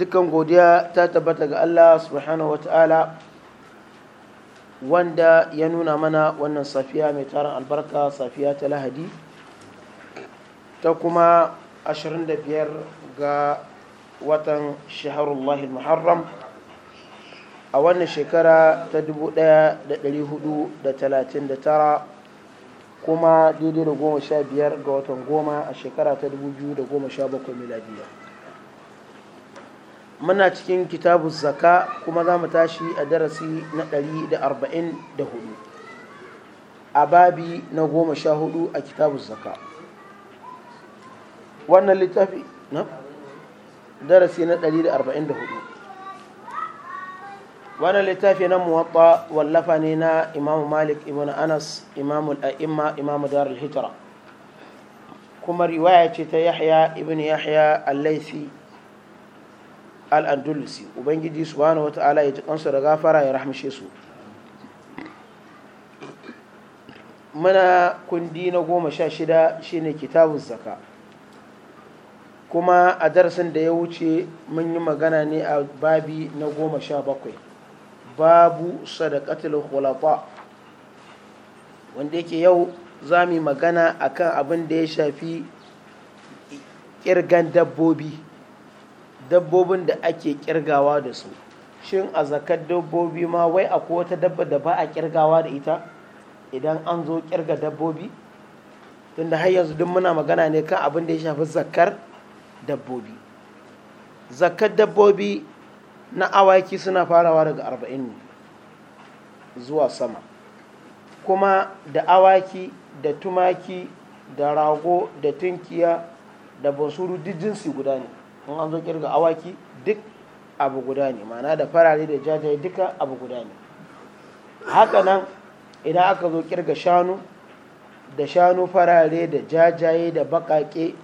dukkan godiya ta tabbata ga Allah subhanahu wata'ala wanda ya nuna mana wannan safiya mai taron albarka safiya ta lahadi ta kuma 25 ga watan shaharullahi muharram a wannan shekara ta 1439 kuma daidai da 15 ga watan goma a shekara ta 2017 miladiyya muna cikin kitabun zaka kuma za mu tashi a darasi na 144 a babi na 14 a kitabun zaka wannan littafi na darasi na 144 wannan littafi na muwatta wallafa ne na imamu malik ibn anas imamu al'imma imamu darul hijira kuma riwaya ce ta yahya ibn yahya al-laisi al ubangiji subhanahu ala ya ji kansu da gafara ya rahmashe su muna kundi na goma sha shida shine kitabun saka. kuma a darasin da ya wuce mun yi magana ne a babi na goma sha bakwai babu sadakatul hulafa. wanda yake yau za mu yi magana akan abin da ya shafi kirgan dabbobi dabbobin da ake kirgawa da su shin a zakar dabbobi ma wai akwai wata dabba da ba a kirgawa da ita idan an zo kirga dabbobi tunda har yanzu duk muna magana ne kan abin da ya shafi zakar dabbobi zakar dabbobi na awaki suna farawa daga arba'in zuwa sama kuma da awaki da tumaki da rago da tunkiya da bansuru duk jinsi guda ne in an zo kirga awaki duk abu guda ne ma'ana da farare da jajaye duka abu guda ne haka idan aka zo kirga shanu da shanu farare da jajaye da bakake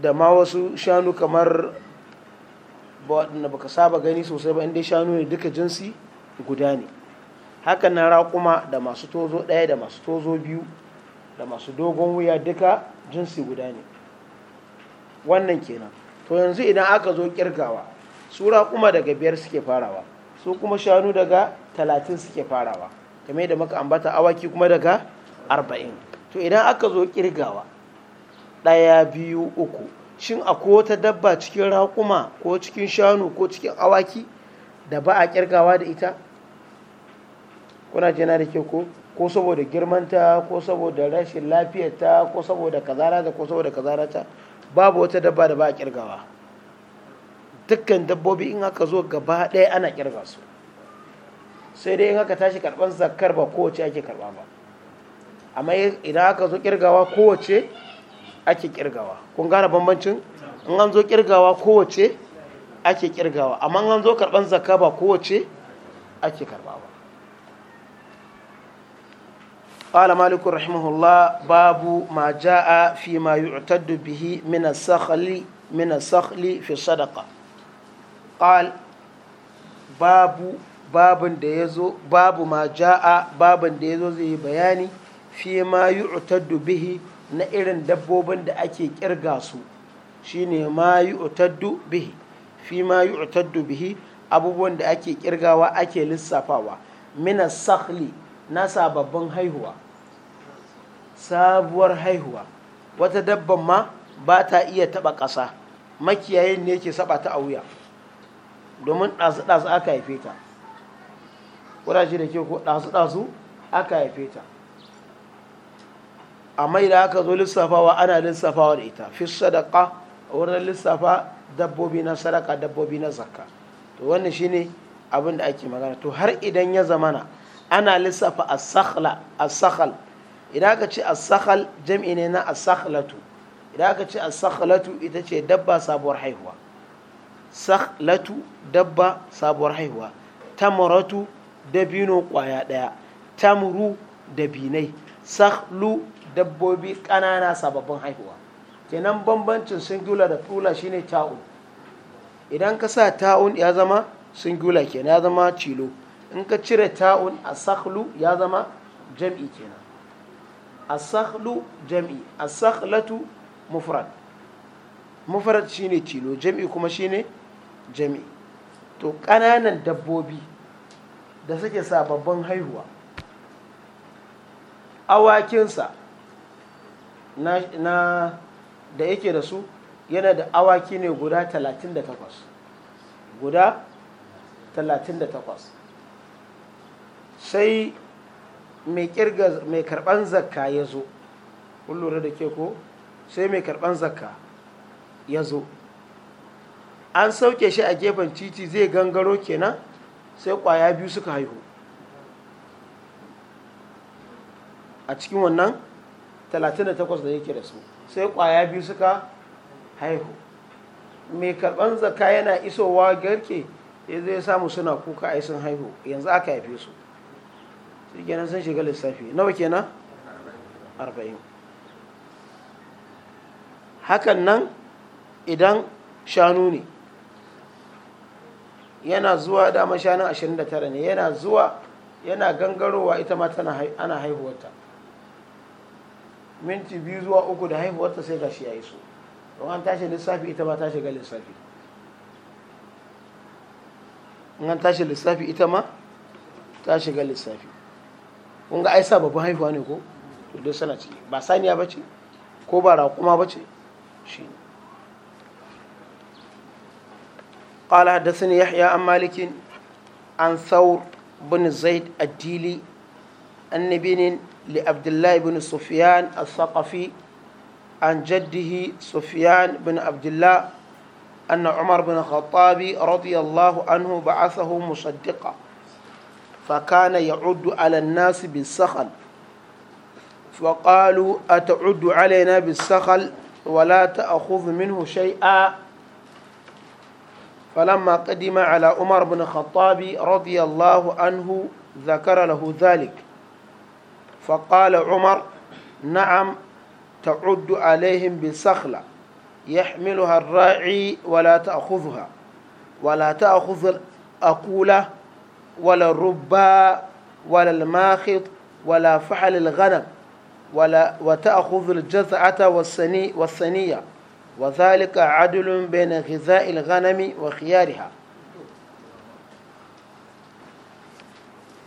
da ma wasu shanu kamar ba ka saba gani sosai ba inda shanu ne duka jinsi guda ne hakan na raƙuma da masu tozo ɗaya da masu tozo biyu da masu dogon wuya duka jinsi guda ne wannan kenan to yanzu idan aka zo kirgawa sura kuma daga biyar suke farawa su kuma shanu daga talatin suke farawa kamar da muka ambata awaki kuma daga arba'in to idan aka zo kirgawa ɗaya biyu uku shin akwai wata dabba cikin raƙuma ko cikin shanu ko cikin awaki da ba a kirgawa da ita kuna jina da ke ko saboda girmanta ko saboda rashin lafiyarta ko saboda kazarata ko saboda kazarata babu wata dabba da ba a kirgawa dukkan dabbobi in aka zo gaba ɗaya ana kirga su sai dai in aka tashi karɓar zakar ba kowace ake karɓa ba amma idan aka zo kirgawa kowace ake kirgawa kun gane bambancin in an zo kirgawa kowace ake kirgawa amma an zo karɓar zakka ba kowace ake karɓa ba قال مالك رحمه babu باب ما جاء فيما يعتد به من السخل من السخل في الصدقة قال باب باب ديزو باب ما جاء باب ديزو زي بياني فيما يعتد na irin dabbobin da ake kirga su shine ma yu'taddu bihi fi ma yu'taddu bihi abubuwan da ake kirgawa ake lissafawa mina sakhli na sababbin haihuwa sabuwar haihuwa wata dabban ma ba ta iya taɓa ƙasa makiyayin ne ke saba ta a wuya domin ɗazu-ɗazu aka haife ta ƙurashi da ke ko ɗazu-ɗazu aka haife ta mai da aka zo lissafawa ana lissafawa da ita fi sadaka a wurin lissafa dabbobi na sadaka dabbobi na zakka to wannan shine abin da ake magana to har idan ya zamana ana lissafa as-sakhla sakhal idan ka ce asakhal jam'i ne na as idan aka ce as ita ce dabba sabuwar haihuwa sakhlatu dabba sabuwar haihuwa tamaratu dabino kwaya daya tamru dabinai sakhlu dabbobi kanana sababbin haihuwa kenan bambancin singula da plural shine ta'un idan ka sa ta'un ya zama singular kenan ya zama cilo in ka cire ta'un a sakhlu ya zama jam'i kenan as-sakhlu jam'i as mufrad mufrad shine tilo jam'i kuma shine jam'i to ƙananan dabbobi da suke sababbin haihuwa awakinsa na, na da yake da su yana da awaki ne guda 38 guda 38 sai mai kirga mai karban zakka ya zo kun lura da ke ko sai mai karban zakka ya zo an sauke shi a gefen titi zai gangaro kenan sai kwaya biyu suka haihu a cikin wannan 38 da yake da su sai kwaya biyu suka haihu mai karban zakka yana isowa garke ya zai samu suna kuka a sun haihu yanzu aka haife su shi kenan sun shiga lissafi nawa kenan arba'in hakan nan idan shanu ne yana zuwa dama shanun 29 ne yana zuwa yana gangarowa ita ma tana ana haihuwarta minti biyu zuwa uku da haihuwarta sai gashi ya yi so don an tashi lissafi ita ma ta shiga lissafi in an tashi lissafi ita ma ta shiga lissafi kun ga aisa sa babban haihuwa ne ko to duk sana ciki ba saniya ba ce ko ba raƙuma ba ce shi ƙala haddasa ne yahya an malikin an saur bin zaid addili an nabinin li abdullahi bin sufiyan al-saqafi an jaddihi sufiyan bin abdullahi anna umar bin الخطاب رضي الله عنه بعثه فكان يعد على الناس بالسخل فقالوا أتعد علينا بالسخل ولا تأخذ منه شيئا فلما قدم على عمر بن الخطاب رضي الله عنه ذكر له ذلك فقال عمر نعم تعد عليهم بالسخل يحملها الراعي ولا تأخذها ولا تأخذ الأقولة ولا الربا ولا الماخط ولا فحل الغنم ولا وتأخذ الجزعة والثني والثنية وذلك عدل بين غذاء الغنم وخيارها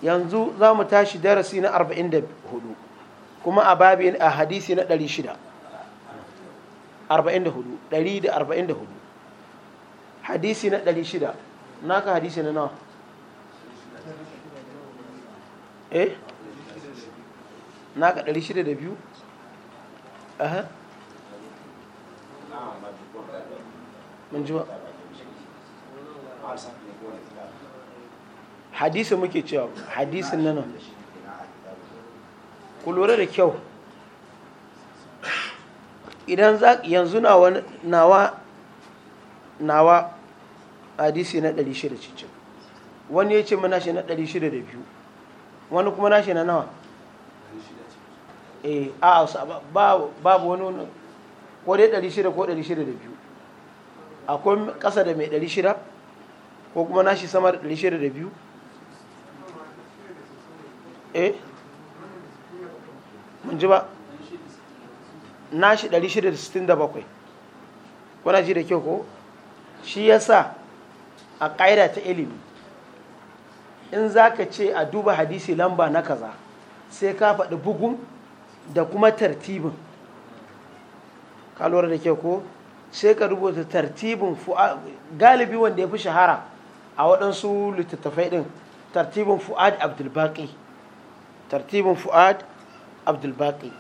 yanzu za mu tashi darasi na 44 kuma a babi a hadisi na 600 44 hadisi na 600 naka hadisi na nawa eh naka 602 aha mun ji ba hadisi muke cewa hadisin nan ku lura da kyau idan za yanzu nawa nawa nawa hadisi na 600 cikin wani ya ce mana shi na 602 wani kuma nashi na nawa eh a babu wani ko dai 600 ko 602 akwai kasa da mai 600 ko kuma nashi sama da 602 eh mun ji ba nashi 667 kuna ji da kyau ko shi yasa a ƙa'ida ta ilimi in za ka ce a duba hadisi lamba na kaza sai ka faɗi bugun da kuma tartibin ka lura da ke ko sai ka rubuta tartibin galibi wanda ya fi shahara a waɗansu littattafai ɗin tartibin fu'ad abdulbaki tartibin fu'ad abdulbaki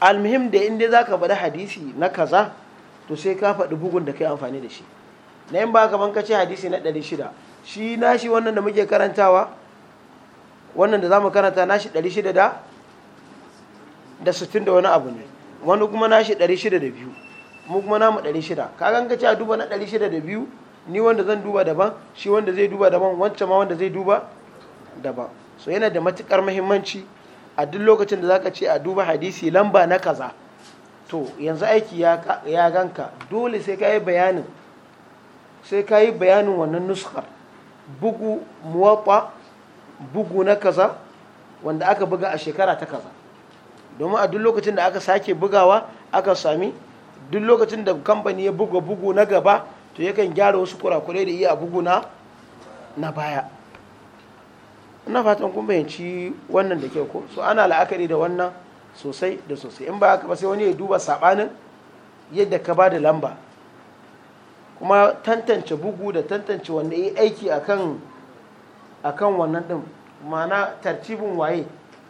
almuhim da inda za ka faɗi hadisi na kaza to sai ka faɗi bugun da ka yi amfani da shi na yin ba ka ce hadisi na 600 shi nashi wannan da muke karantawa wannan da za mu karanta nashi 600 da da 60 da wani abu ne wani kuma nashi 602 mu kuma namu 600 ka ganka a duba na 602 ni wanda zan duba daban shi wanda zai duba daban wancan ma wanda zai duba daban so yana da matukar muhimmanci a duk lokacin da zaka ce a duba hadisi lamba na kaza to yanzu aiki ya ganka dole sai ka yi bayanin sai ka yi bayanin wannan nuskar bugu muwatta bugu na kaza wanda aka buga a shekara ta kaza domin a duk lokacin da aka sake bugawa aka sami duk lokacin da kamfani ya buga bugu na gaba to yakan gyara wasu kurakurai da iya bugu na na baya ina fatan kun bayanci wannan da kyau ko so ana la'akari da wannan sosai da sosai in ba haka ba sai wani ya duba sabanin yadda ka ba da lamba kuma tantance bugu da tantance wanda ya aiki akan kan wannan din ma'ana tartibin waye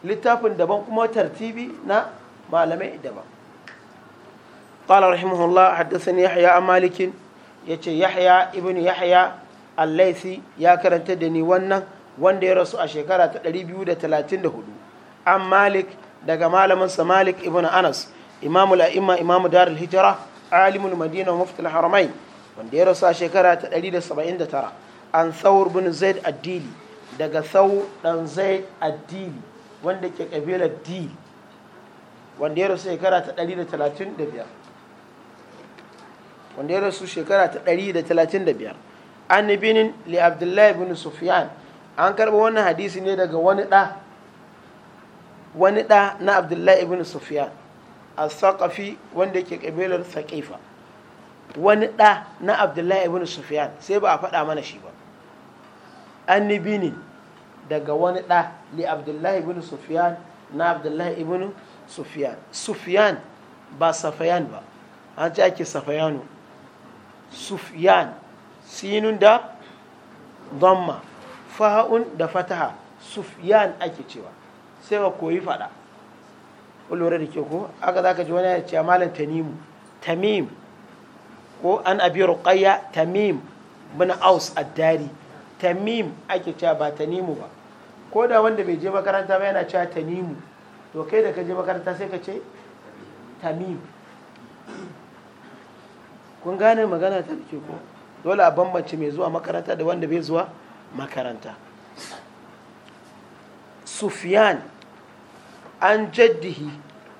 littafin daban kuma tartibi na malamai daban قال رحمه الله حدثني يحيى عن مالك يتي يحيى ابن يحيى ya karanta da ni wannan wanda ya rasu a shekara ta 234 an malik daga malamin sa malik ibn anas imamul a'imma imamu darul hijra alimul madina muftul haramain wanda ya rasu a shekara ta 179 an saur bin zaid addili daga sau dan zaid addili wanda ke kabilar d wanda ya rasu shekara ta 135 wanda ya rasu shekara ta 135 an binin li abdullahi bin sufyan an karɓa wannan hadisi ne daga wani ɗa wani ɗa na abdullahi bin sufyan a saƙafi wanda ke ƙabilar saƙifa wani ɗa na abdullahi ibn sufyan sai ba a faɗa mana shi ba an ni binin daga wani ɗa li abdullahi ibn sufyan na abdullahi ibn sufyan sufyan ba safayan ba an ce ake safayanu sufyan sinun da dhamma fa'un da fataha sufyan ake cewa sai ba koyi faɗa lura da ke ko aka za ka ji wani ya ce malam tanimu tamim ko an abi ruqayya tamim bin aus addari tamim ake cewa ba tanimu ba ko da wanda bai je makaranta ba yana cewa tanimu to kai da ka je makaranta sai ka ce tamim kun gane magana ta ke ko dole a bambance mai zuwa makaranta da wanda bai zuwa makaranta sufyan an jaddihi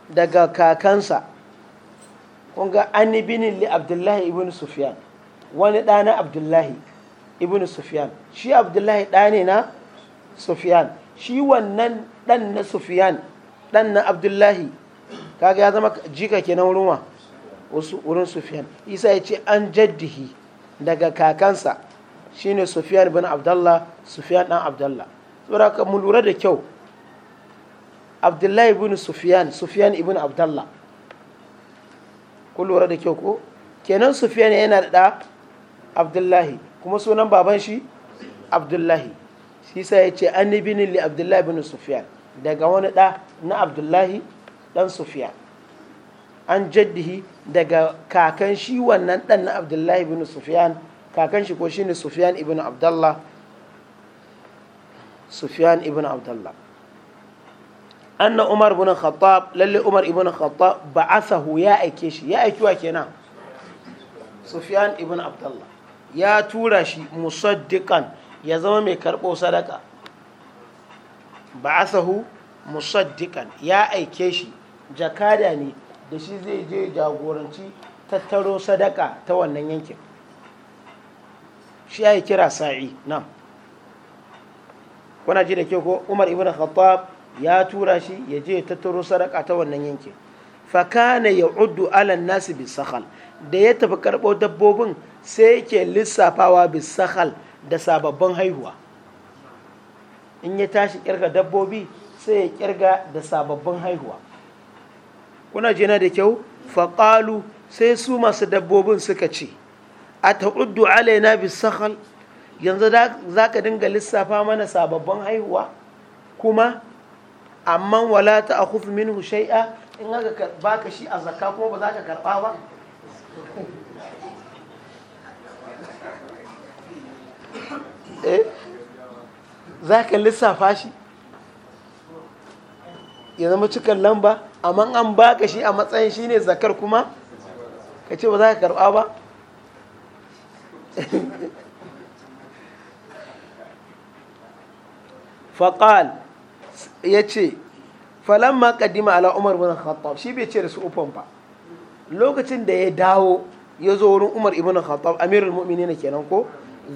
daga kakansa kun ga an binin li abdullahi ibn sufyan wani ɗana abdullahi ibn sufyan shi abdullahi ɗa ne na sufyan shi wannan ɗan na sufyan ɗan na abdullahi kaga ya zama jika kenan wurin wa wurin sufyan isa ya ce an jaddihi daga kakansa shine sufyan bin abdullah sufyan ɗan abdullah saboda mu lura da kyau abdullahi ibn sufyan sufyan ibn abdullah Ku lura da kyau ko kenan sufiyan yana da ɗa abdullahi kuma sunan baban shi abdullahi shi sa ya ce an ni abdullahi bin sufiyan daga wani ɗa na abdullahi ɗan sufiyan an jaddihi daga kakan shi wannan ɗan na abdullahi bin sufiyan kakan shi ko shi ne sufiyan ibn abdullah sufiyan ibn abdullah anna umar ibn khattab lalle umar ibn khattab ba'athahu ya aike shi aiki wa kenan sufyan ibn ya tura shi musaddiqan ya zama mai karɓo sadaka ba'athahu musaddiqan ya aike shi jakada ne da shi zai je jagoranci tattaro sadaka ta wannan yankin shi ya kira sa'i nan kuna ji da ke ko umar ibn khattab ya tura shi ya je ya tattaro sadaka ta wannan yankin fakana ya uddu alan nasi sakhal da ya tafi karɓo dabbobin sai yake lissafawa bi sakhal da sababbin haihuwa in ya tashi kirga dabbobi sai ya kirga da sababbin haihuwa kuna jina da kyau qalu sai su masu dabbobin suka ce a ta'uddu alaina sakhal yanzu za ka dinga lissafa mana sababbin haihuwa kuma amma wala ta akhuf minhu shai'a in aka baka shi a zakka kuma ba za ka karba ba eh? za ka lissafa shi ya zama cikin lamba amma an baka shi a matsayin shi ne zakar kuma ka ce ba za ka karba ba faƙal ya ce ma kadima ala umar ibn khattab shi bai ce da su ufan ba lokacin da ya dawo ya zo wurin umar ibn khattab amirul na kenan ko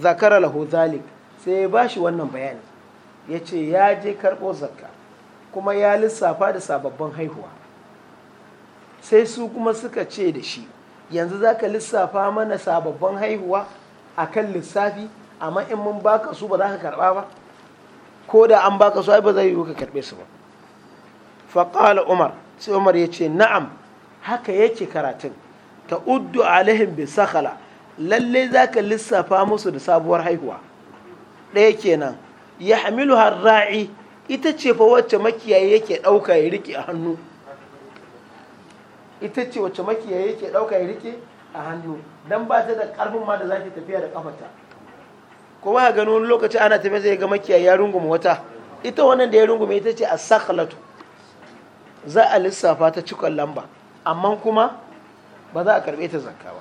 zakara lahu zalik sai ya bashi wannan bayani ya ce ya je karɓo zakka kuma ya lissafa da sababbin haihuwa sai su kuma suka ce da shi yanzu za ka lissafa mana sababbin haihuwa a kan lissafi amma in mun baka su ba za ka karɓa ba ko da an baka su ai ba zai yiwu ka karɓe su ba faƙala umar sai umar ya ce na'am haka yake karatun ta uddu alaihim bi sakhala lalle zaka lissafa musu da sabuwar haihuwa ɗaya kenan ya hamilu ra'i ita ce fa wacce makiyayi yake ɗauka ya rike a hannu ita ce wacce makiyayi yake ɗauka ya rike a hannu don ba ta da ƙarfin ma da za ki tafiya da ƙafata ko ba gano wani lokaci ana tafiya zai ga makiyayi ya rungume wata ita wannan da ya rungume ita ce a sakhlatu za a lissafa ta cikon lamba amma kuma ba za a karbe ta zakka ba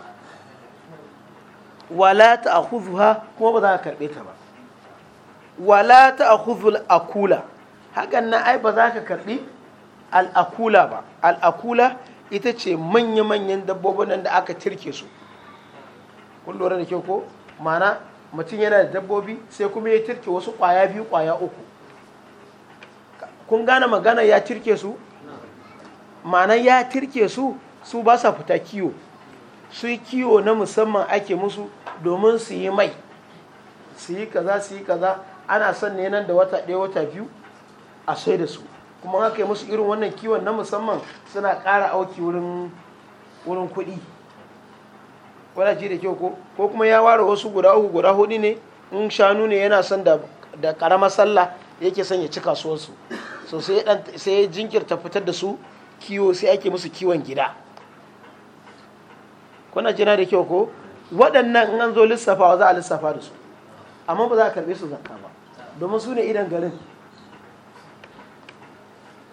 wala ta'khudhuha kuma ba za a karbe ta ba wala ta'khudhul akula hakan na ai ba za ka karbi al'akula ba al'akula ita ce manya-manyan dabbobin da aka tirke su kun lura da kyau ko ma'ana. mutum yana da dabbobi sai kuma ya tirke wasu kwaya biyu kwaya uku kun gane magana ya tirke su ma'anan ya tirke su su ba sa fita kiwo su yi kiwo na musamman ake musu domin su yi mai su yi kaza su yi kaza ana son ne nan da wata ɗaya wata biyu a sai da su kuma haka yi musu irin wannan kiwon na musamman suna ƙara auki wurin kuɗi wala ji da kyau ko ko kuma ya ware wasu guda uku guda hudu ne in shanu ne yana son da karama sallah yake son ya ci kasuwarsu so sai dan sai jinkirta fitar da su kiwo sai ake musu kiwon gida kuna jina da kyau ko waɗannan in an zo lissafawa za a lissafa da su amma ba za a karɓe su zakka ba domin su ne idan garin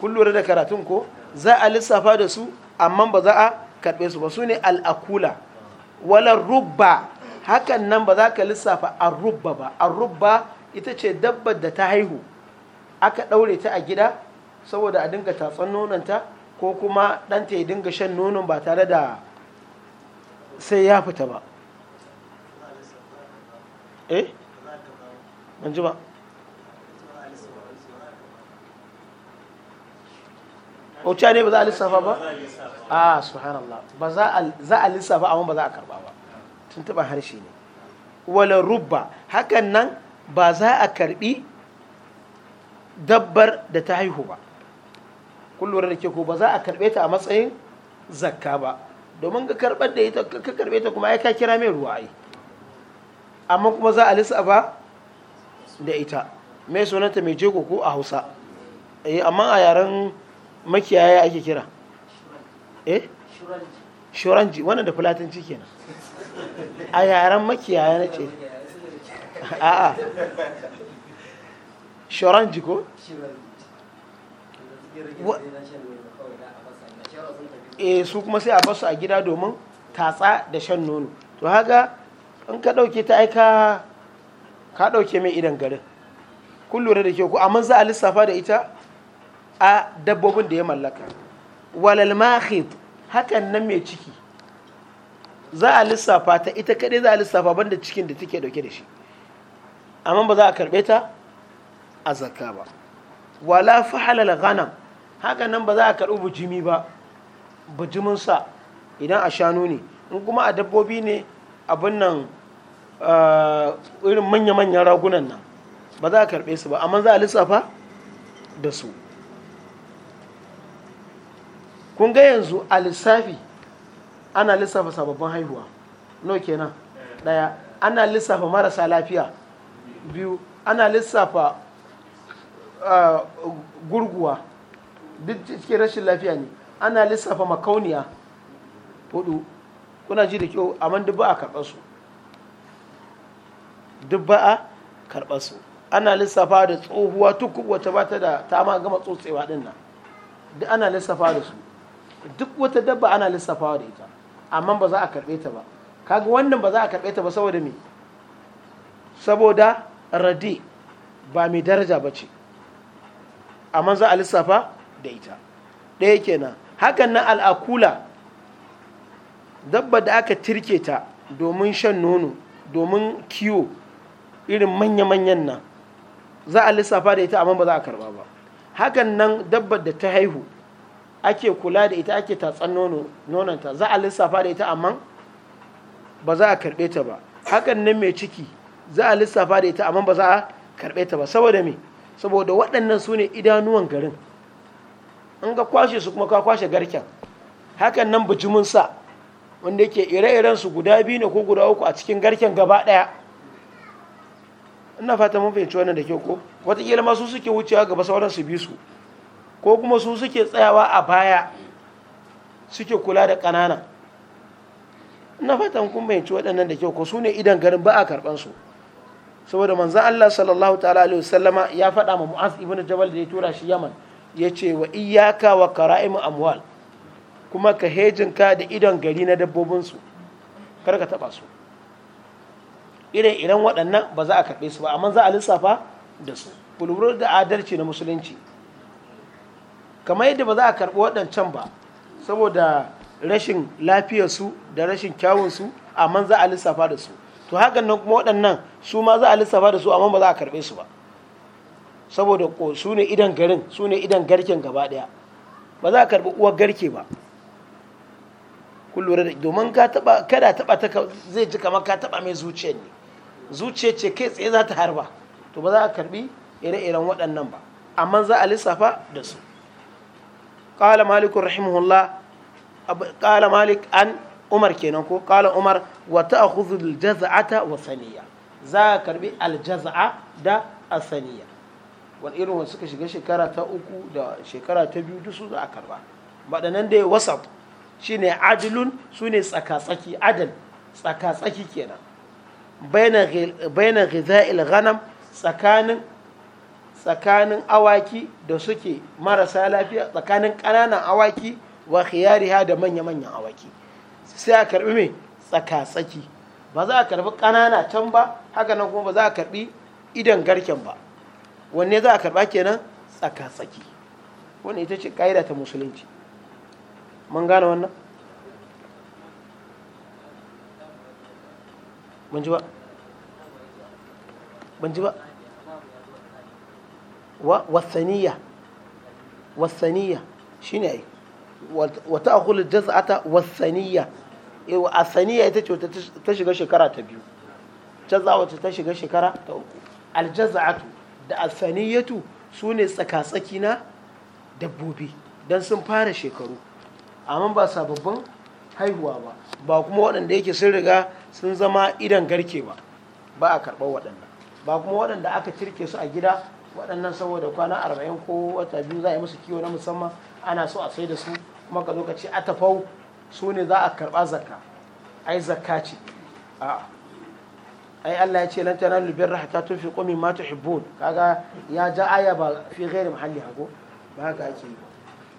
kun lura da karatun ko za a lissafa da su amma ba za a karɓe su ba su ne al'akula wala rubba hakan nan ba za ka lissafa rubba ba rubba ita ce dabbar da ta haihu aka ɗaure ta a gida saboda a dinga tatsan nononta ko kuma ɗanta ya dinga shan nonon ba tare da sai ya fita ba eh? ba ce ne ba za a lissafa ba a ah, subhanallah ba za a lissafa amma ba za a karba ba tuntuban harshe ne wala rubba hakan nan ba za a karbi dabbar da ta haihu ba kullum da ke ko ba za a karbe ta a matsayin zakka ba domin ka karbar da ita ka karbe ta kuma ai ka kira mai ruwa ai amma kuma za a lissafa da ita mai sunanta mai jego ko a hausa eh, amma a yaren makiyaya ake kira eh shoranji wannan da fulatanci kenan a yaren makiyaya na ce a'a shoranji ko eh su kuma sai a basu a gida domin tatsa da shan nono to haka in ka ɗauke ta aika ka ɗauke mai idan garin kun lura da kyau ku amma za a lissafa da ita a dabbobin da ya mallaka walal mahid hakan nan mai ciki za a lissafa ta ita kaɗai za a lissafa banda cikin da take dauke da shi amma ba za a karɓe ta a zakka ba wala halal ghanam haka nan ba za a karɓi bujimi ba bujimin sa idan a shanu ne in kuma a dabbobi ne abin nan irin manya-manyan ragunan nan ba za a karɓe su ba amma za a lissafa da su kun ga yanzu a lissafi ana lissafa sababbin haihuwa no kenan daya ana lissafa marasa lafiya biyu ana lissafa gurguwa duk cikin rashin lafiya ne ana lissafa makauniya hudu kuna ji da kyau amma duk ba a karɓar su duk ba a karɓar su ana lissafa da tsohuwa tukub wacce ba ta da ta ma gama tsotsewa din nan duk ana lissafa da su duk wata dabba ana lissafawa da ita amma ba za a karɓe ta ba kaga wannan ba za a karɓe ta ba saboda me saboda radi ba mai daraja ba ce amma za a lissafa da ita ɗaya kenan hakan na al'akula dabba da aka tirke ta domin shan nono domin kiwo irin manya-manyan nan za a lissafa da ita amma ba za a karba ba hakan nan dabbar da ta haihu ake kula da ita ake tatsan nono nononta za a lissafa da ita amma ba za a karbe ta ba hakan nan mai ciki za a lissafa da ita amma ba za a karbe ta ba saboda me saboda waɗannan su ne idanuwan garin an ga kwashe su kuma ka kwashe garken hakan nan bijimin sa wanda yake ire-iren su guda biyu ne ko guda uku a cikin garken gaba ɗaya ina fata mun fahimci wannan da kyau ko wataƙila ma su suke wucewa gaba sauran su bi su ko kuma su suke tsayawa a baya suke kula da ƙanana na fatan kun bayanci waɗannan da kyau ko su ne idan garin ba a karɓar su saboda manzan Allah sallallahu ta'ala alaihi sallama ya faɗa ma mu'az ibn jabal da ya tura shi yaman ya ce wa iyaka wa kara'imu amwal kuma ka hejinka da idon gari na dabbobinsu kar ka taɓa su irin waɗannan ba za a karɓe su ba amma za a lissafa da su bulbul da adalci na musulunci kamar yadda ba za a karɓi waɗancan ba saboda rashin lafiyarsu da rashin kyawunsu amma za a lissafa da su to hakan nan kuma waɗannan su ma za a lissafa da su amma ba za a karɓe su ba saboda ko su ne idan garin su ne idan garken gaba ɗaya ba za a karɓi uwar garke ba kullum da domin ka taɓa kada taɓa ta zai ji kamar ka taɓa mai zuciyar ne zuciya ce kai tsaye za ta harba to ba za a karɓi ire-iren waɗannan ba amma za a lissafa da su qala malik rahimahullah qala malik an umar kenan ko qala umar wa ta'khudhu al-jaz'ata wa saniya za ka karbi al-jaz'a da asaniya wani irin wanda suka shiga shekara ta uku da shekara ta biyu duk za a karba waɗannan da ya wasat shine adilun su ne tsaka-tsaki adal tsaka-tsaki kenan bayanan ghiza'il ghanam tsakanin tsakanin awaki da suke marasa lafiya tsakanin ƙananan awaki wa khiyariha da manya-manyan awaki sai a karbi mai tsaka-tsaki ba za a karbi ƙanana can ba haka nan kuma ba za a karbi idan garken ba wanne za a karba kenan tsaka-tsaki wani ita ce ƙa'ida ta musulunci mun gane wannan ban ji ba ban ji ba wasaniya wasaniya shine ai wata akhul jaz'ata wasaniya a saniya ita ce ta shiga shekara ta biyu jaza wacce ta shiga shekara ta uku aljaza'atu da saniyatu su ne tsakatsaki na dabbobi don sun fara shekaru amma ba sababbin haihuwa ba ba kuma waɗanda yake sun riga sun zama idan garke ba ba a karɓar waɗanda ba kuma waɗanda aka cirke su a gida waɗannan saboda kwana arba'in ko wata biyu za a yi musu kiwo na musamman ana so a sai da su kuma ka lokaci a tafau su ne za a karɓa zakka ai zakka ce a ai Allah ya ce lan tanalu birra hatta tunfiqu mata hibbun kaga ya ja aya ba fi ghairi muhalli hako ba haka ake yi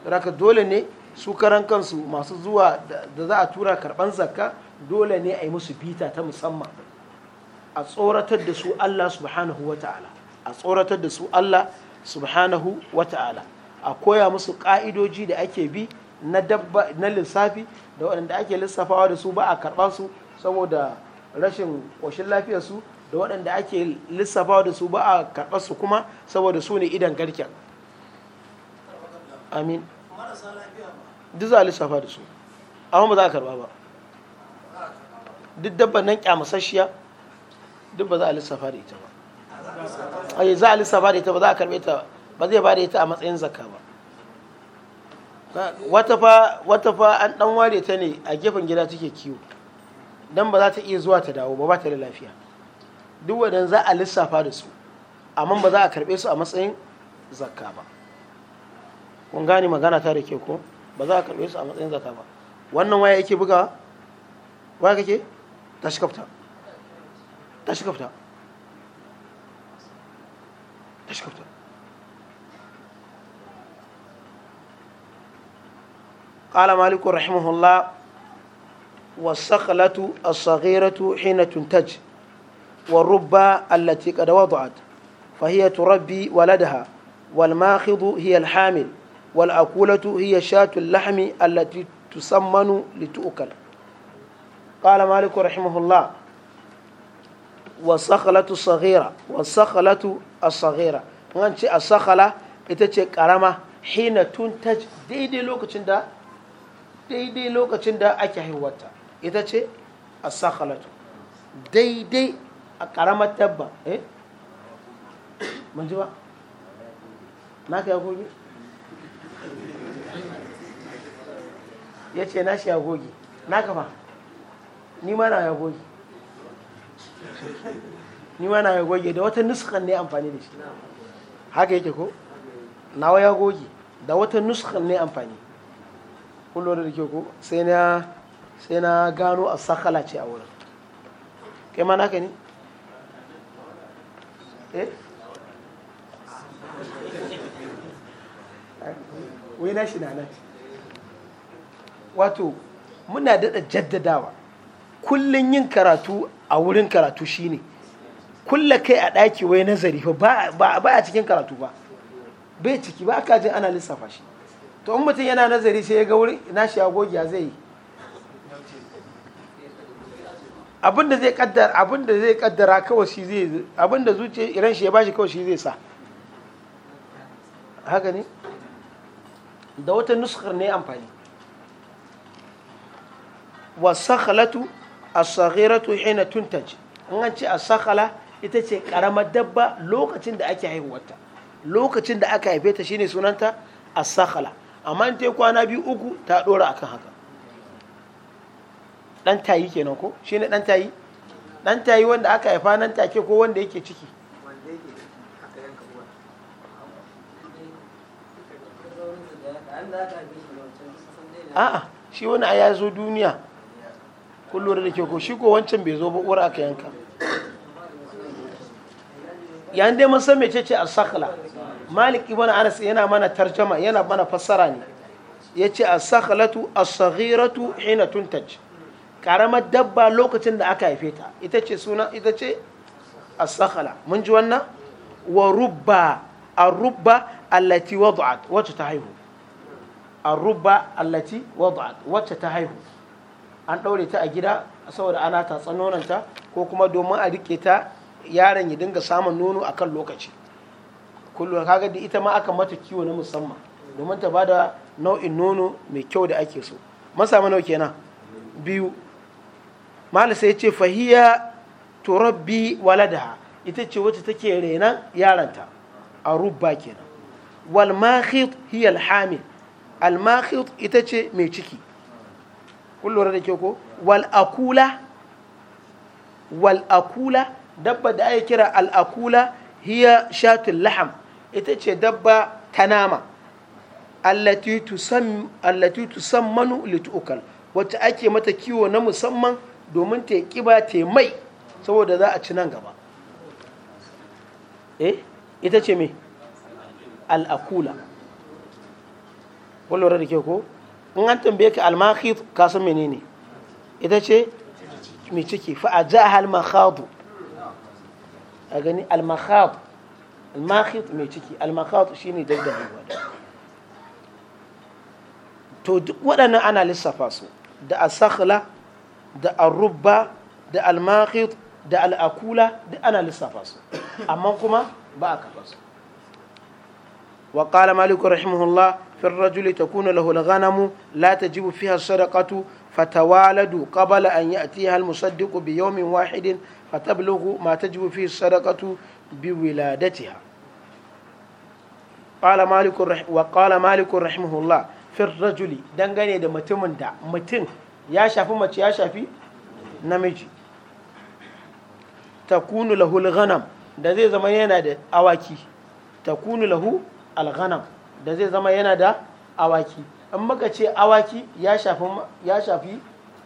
raka dole ne su karan kansu masu zuwa da za a tura karɓan zakka dole ne a yi musu bita ta musamman a tsoratar da su Allah subhanahu wa ta'ala a tsoratar da su Allah subhanahu wa ta'ala a koya musu ƙa'idoji da ake bi na dabba na lissafi da waɗanda ake lissafawa da su ba a karɓa su saboda rashin ƙoshin lafiyarsu da waɗanda ake lissafawa da su ba a karɓa su kuma saboda su ne idan garken amin duk za a lissafa da su amma ba za a karɓa ba duk dabban nan ƙyamasasshiya duk ba za a lissafa da ita ai za a lissafa da ita ba za a karbe ta ba zai ba da ita a matsayin zakka ba wata fa an dan ware ta ne a gefen gida take kiwo dan ba za ta iya zuwa ta dawo ba ba ta da lafiya duk wadan za a lissafa da su amma ba za a karbe su a matsayin zakka ba kun gane magana ta da ke ko ba za a karbe su a matsayin zakka ba wannan waya yake bugawa waya kake tashi kafta tashi kafta ايش كنت قال مالك رحمه الله والصخلة الصغيرة حين تنتج والربة التي قد وضعت فهي تربي ولدها والماخض هي الحامل والأكولة هي شاة اللحم التي تسمن لتؤكل قال مالك رحمه الله wasakhalatu saghira wasakhalatu as-saghira an ce asakhala ita ce karama hina tun tuntaj daidai lokacin da daidai lokacin da ake haihuwarta ita ce asakhalatu daidai a karamar tabba eh mun ji ba na ka goge ya ce na shi ya goge na ka ba ni ma na ya goge ni ma na goge da wata nuskan ne amfani da shi haka yake ko na ya goge da wata nuskan ne amfani kun lura da ke ko sai na sai na gano a sakala ce a wurin kai ma naka ne eh wai na shi na nan wato muna daɗa jaddadawa kullum yin karatu a wurin karatu shine kulla kai a ɗaki wai nazari ba a cikin karatu ba bai ciki ba aka jin ana lissafa shi to in mutum yana nazari sai ya ga wuri na shi agogiya zai yi abinda zai kaddara zai kaddara kawai shi zai abinda zuciya iran shi ya bashi kawai shi zai sa haka ne da wata nuskar ne amfani halatu. as hina tuntaj in an ce as ita ce karamar dabba lokacin da ake haihuwarta lokacin da aka haife ta shine sunanta asakala amma in ta kwana biyu uku ta dora akan haka dan tayi kenan ko shine dan tayi dan tayi wanda aka haifa nan take ko wanda yake ciki a'a shi wani a ya zo duniya kun lura da ke ko shi ko wancan bai zo ba uwar aka yanka yayin dai mun san mece ce as malik ibn anas yana mana tarjama yana mana fassara ne yace as-sakhlatu as tun hina tuntaj karamar dabba lokacin da aka haife ta ita ce suna ita ce as mun ji wannan wa rubba ar allati wad'at wacce ta haihu allati wacce ta haihu an ɗaure ta a gida saboda ana tatsan nononta ko kuma domin a rike ta yaron ya dinga samun nono a kan lokaci kullum kaga da ita ma aka mata kiwo na musamman domin ta ba da nau'in nono mai kyau da ake so masa mana kenan biyu malam sai ce fahiya turabbi waladaha ita ce wacce take rena yaranta a rubba kenan wal hiya hamil ita ce mai ciki kun lura da ke ko wal akula dabba da ake kira alakula akula hiya shatul laham ita ce dabba ta nama allati tusammanu litu'ukal wacce ake mata kiwo na musamman domin ta kiba ta mai saboda za a ci nan gaba eh ita ce me al'akula wallora da ke ko in an tambaye ka almakhid ka san menene ita ce mai ciki fa ja almakhad a gani almakhad almakhid mai ciki almakhad shine dabda haihuwa to duk waɗannan ana lissafa su da asakhla da arubba da almakhid da al'akula duk ana lissafa su amma kuma ba a kafa su wa qala maliku rahimahullah في الرجل تكون له الغنم لا تجب فيها الصدقة فتوالدوا قبل أن يأتيها المصدق بيوم واحد فتبلغ ما تجب فيه الصدقة بولادتها قال مالك رح وقال مالك رحمه الله في الرجل دنگane da mutumin da mutum ya shafi mace ya shafi namiji takunu lahu al da zai zama yana da awaki takunu lahu al da zai zama yana da awaki in muka ce awaki ya shafi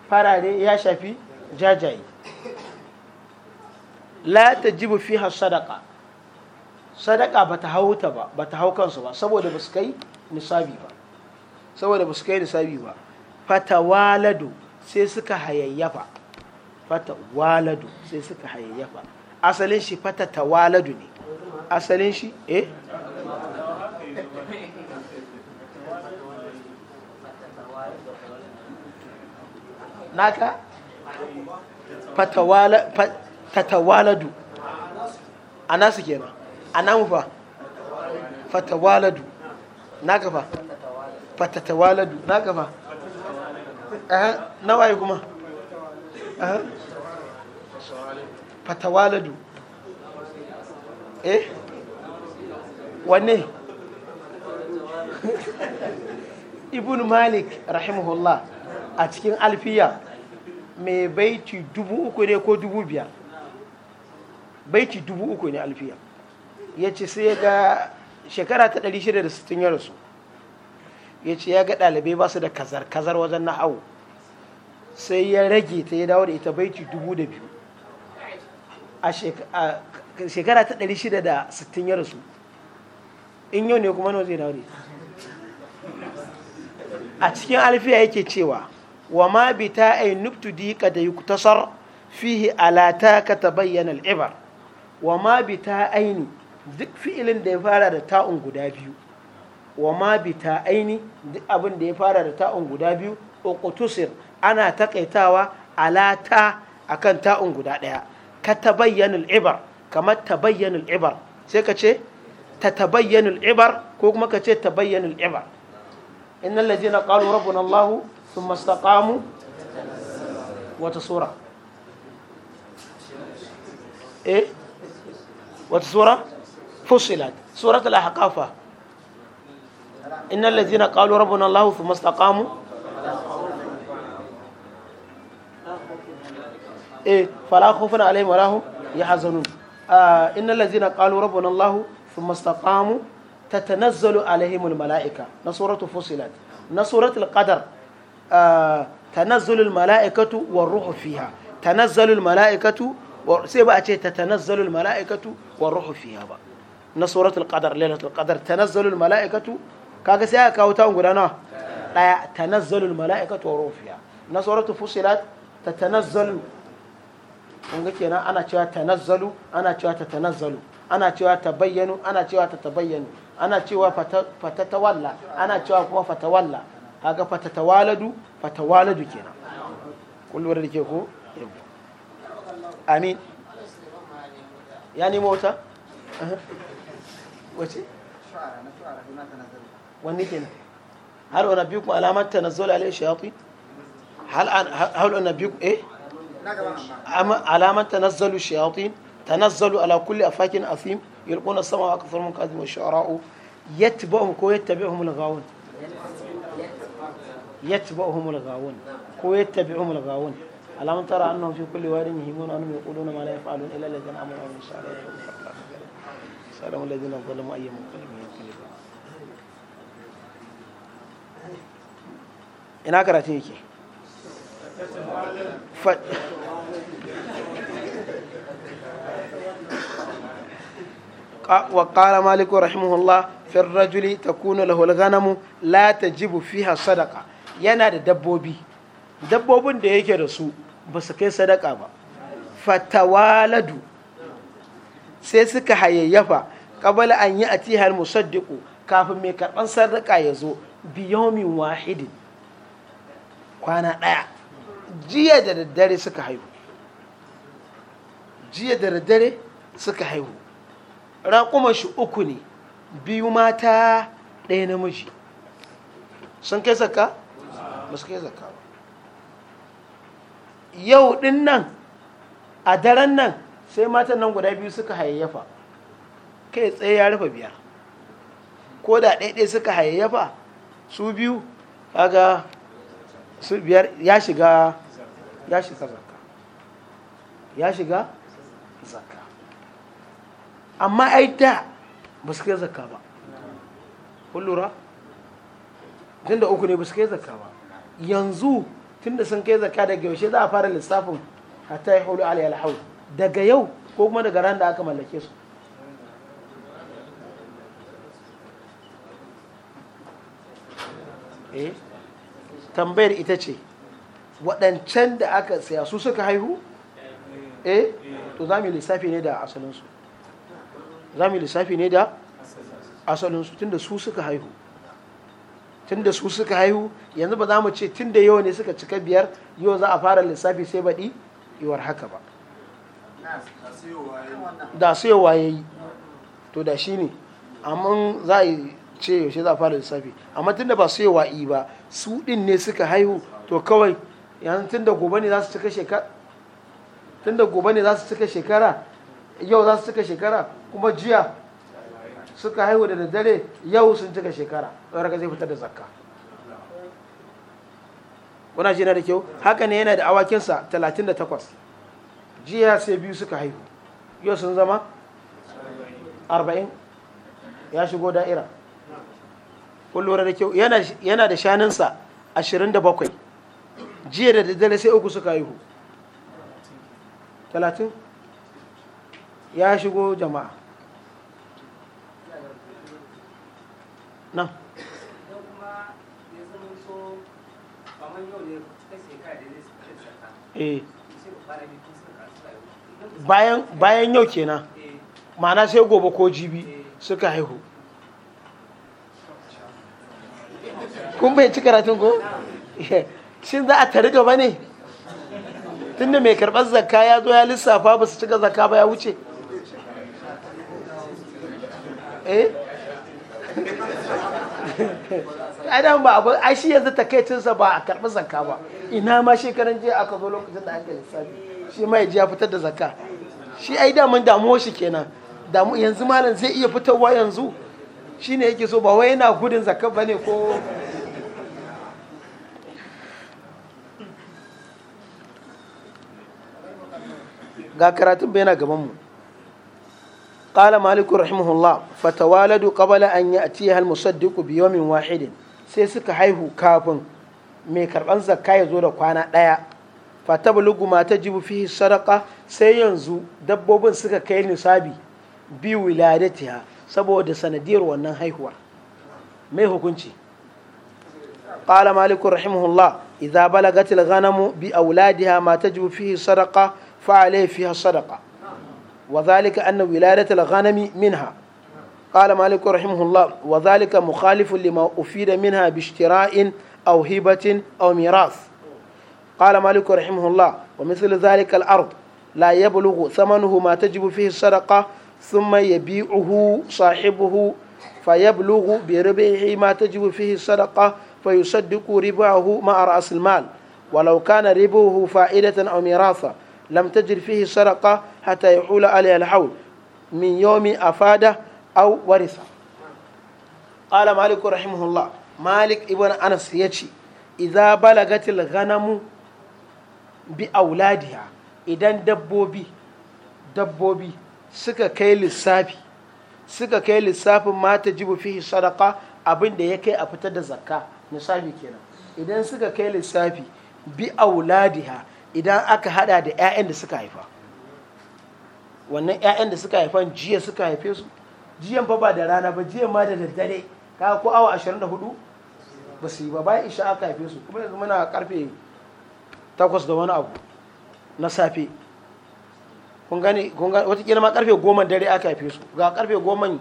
farare ya shafi jajaye la ta jibu fiha sadaka sadaka ba ta hauta ba ba ta hau kansu ba saboda ba su kai nisabi ba saboda ba su kai nisabi ba fatawaladu sai suka hayayyafa fatawaladu sai suka hayayyafa asalin shi fata tawaladu ne asalin shi eh naka fatawaladu a nasu kenan a namu fa fatawaladu naka fa fatatawaladu naka fa nawaye kuma fatawaladu eh wanne ibn malik rahimahullah a cikin alfiya mai baiti dubu uku ne ko dubu biyar baiti dubu uku ne alfiya ya ce sai ya ga shekara ta 660 ya rasu ya ce ya ga ɗalibai ba su da kazar-kazar wajen na'awu sai ya rage ta ya dawo da ita baiti dubu da biyu a shekara ta 660 ya rasu in yau ne kuma nawa zai dawo da ita a cikin alfiya yake cewa wa ma bi ta ay nubtudi qad yuktasar fihi alata ka tabayyana al-ibar wa ta aini duk fi'ilin da ya fara da ta'un guda biyu wa ta aini duk abin ya fara da ta'un guda biyu uqtusir ana takaitawa ala ta akan ta'un guda ɗaya ka tabayyana al-ibar kamar tabayyana al-ibar sai ka ce ta tabayyana al-ibar ko kuma ka ce tabayyana al-ibar innal ladzina qalu rabbuna Allahu ثم استقاموا wata sura eh wata sura fusilat surat al-ahqafa tatanazzalu alaihim al na suratul tanazzalul mala'ikatu war ruhu fiha tanazzalul mala'ikatu sai ba a ce ta tanazzalul mala'ikatu war ruhu fiha ba na suratul qadar lailatul qadar tanazzalul mala'ikatu kaga sai aka kawo ta guda nawa daya tanazzalul mala'ikatu war ruhu fiha na suratul fusilat ta tanazzalul kun kenan ana cewa tanazzalu ana cewa ta tanazzalu ana cewa ta bayyanu ana cewa ta tabayyanu ana cewa fata tawalla ana cewa kuma fata fatawalla kaga fatatawaladu fatawaladu kenan kullum da ke ko amin ya nemo wata wace wani kenan hal wa nabiyukum alamat tanazzul alayhi shayatin hal an hal wa nabiyukum eh alamat tanazzalu shayatin tanazzalu ala kulli afakin asim yulquna as-samaa wa aktharuhum kadhibun shu'ara'u yatba'uhum ko yattabi'uhum al-ghawun يتبعهم الغاوون كو يتبعهم الغاوون ألم ترى أنهم في كل واد يهيمون أنهم يقولون ما لا يفعلون إلا الذين آمنوا وعملوا الصالحات سلام الذين ظلموا أي منقلب ينقلبون ina karatun yake وقال مالك رحمه الله في الرجل تكون له الغنم لا تجب فيها صدقه yana da dabbobi dabbobin da yake da su ba su kai sadaka ba fatawaladu sai suka hayayyafa ƙabala an yi a tihar musaddiku kafin mai karɓar sadaka ya zo biyomin wahidin kwana ɗaya jiya da daddare suka haihu jiya da daddare suka haihu raƙuma shi uku ne biyu mata ɗaya namiji sun kai saka ba su kai zakka ba yau din nan a daren nan sai matan nan guda biyu suka hayayyafa kai tsaye ya rufe biyar ko da ɗaiɗai suka hayayyafa su biyu kaga su biyar ya shiga ya shiga zakka ya shiga zakka amma ai da ba su kai zakka ba kullura lura tun da uku ne ba su kai zakka ba yanzu tunda sun kai zakka daga yaushe za a fara lissafin hatta ya hulu aliyar alhawl daga yau ko kuma daga ran da aka mallake su eh tambayar ita ce waɗancan da aka saya su suka haihu eh to za mu lissafi ne da asalinsu za mu lissafi ne da asalinsu tun da su suka haihu da su suka haihu yanzu ba za mu ce tun da yau ne suka cika biyar yau za a fara lissafi sai baɗi iwar haka ba da su yau waye yi to da shi ne amma za a ce yaushe za a fara lissafi amma tun da ba su yau wa'i ba su ɗin ne suka haihu to kawai yanzu tun gobe ne za su cika shekara gobe ne za su cika shekara yau za su cika shekara kuma jiya suka haihu da daddare yau sun cika shekara tsawar ka zai fitar da zakka kuna jina da kyau haka ne yana da awakinsa 38 jiya sai biyu suka haihu yau sun zama 40 ya shigo da'ira kun da kyau yana da shaninsa 27 jiya da daddare sai uku suka haihu 30 ya shigo jama'a na eh. bayan yau kenan ma'ana sai gobe ko jibi suka haihu kun bai ci karatun ko shin za a tari gaba ne tunda mai karɓar zakka ya zo ya lissafa ba su cika zakka ba ya wuce eh adan ba abu ai shi yanzu sa ba a karɓi zakka ba ina ma shekaran jiya aka zo lokacin da aka lissafi shi ma ya ji ya fitar da zakka shi ai daman damu shi kenan damu yanzu malam zai iya fitarwa yanzu shine yake so ba wai yana gudun zakka bane ko ga karatun bai yana mu Ƙala قال مالك رحمه الله فتوالد قبل أن يأتيها المصدق بيوم wahidin sai suka haihu kafin mai karban zakka ya zo da kwana ɗaya fatablugu ma ta jibu fihi sadaka sai yanzu dabbobin suka kai nisabi bi wiladatiha saboda sanadiyar wannan haihuwa mai hukunci qala maliku rahimahullah idza balagatil mu bi auladiha ma tajibu fihi sadaqa fa alayhi fiha sadaqa وذلك أن ولادة الغنم منها قال مالك رحمه الله وذلك مخالف لما أفيد منها باشتراء أو هبة أو ميراث قال مالك رحمه الله ومثل ذلك الأرض لا يبلغ ثمنه ما تجب فيه الصدقة ثم يبيعه صاحبه فيبلغ بربعه ما تجب فيه الصدقة فيصدق ربعه مع رأس المال ولو كان ربعه فائدة أو ميراثا لم تجر فيه سرقة حتى يحول عليها الحول من يوم أفاده أو ورثة قال مالك رحمه الله مالك ابن أنس يجي إذا بلغت الغنم بأولادها idan dabbobi suka kai lissafi suka kai lissafin mata jibu fihi sadaka abin da ya kai a fitar da zakka misali kenan idan suka kai lissafi bi auladiha idan aka hada da 'ya'yan da suka haifa wannan 'ya'yan da suka haifan jiya suka haife su jiyan ba ba da rana ba jiyan ma da daddare ka ko awa 24 ba su yi ba bayan isha aka haife su kuma yanzu muna karfe 8 da wani abu na safe kun gane watakila ma karfe 10 dare aka haife su ga karfe 10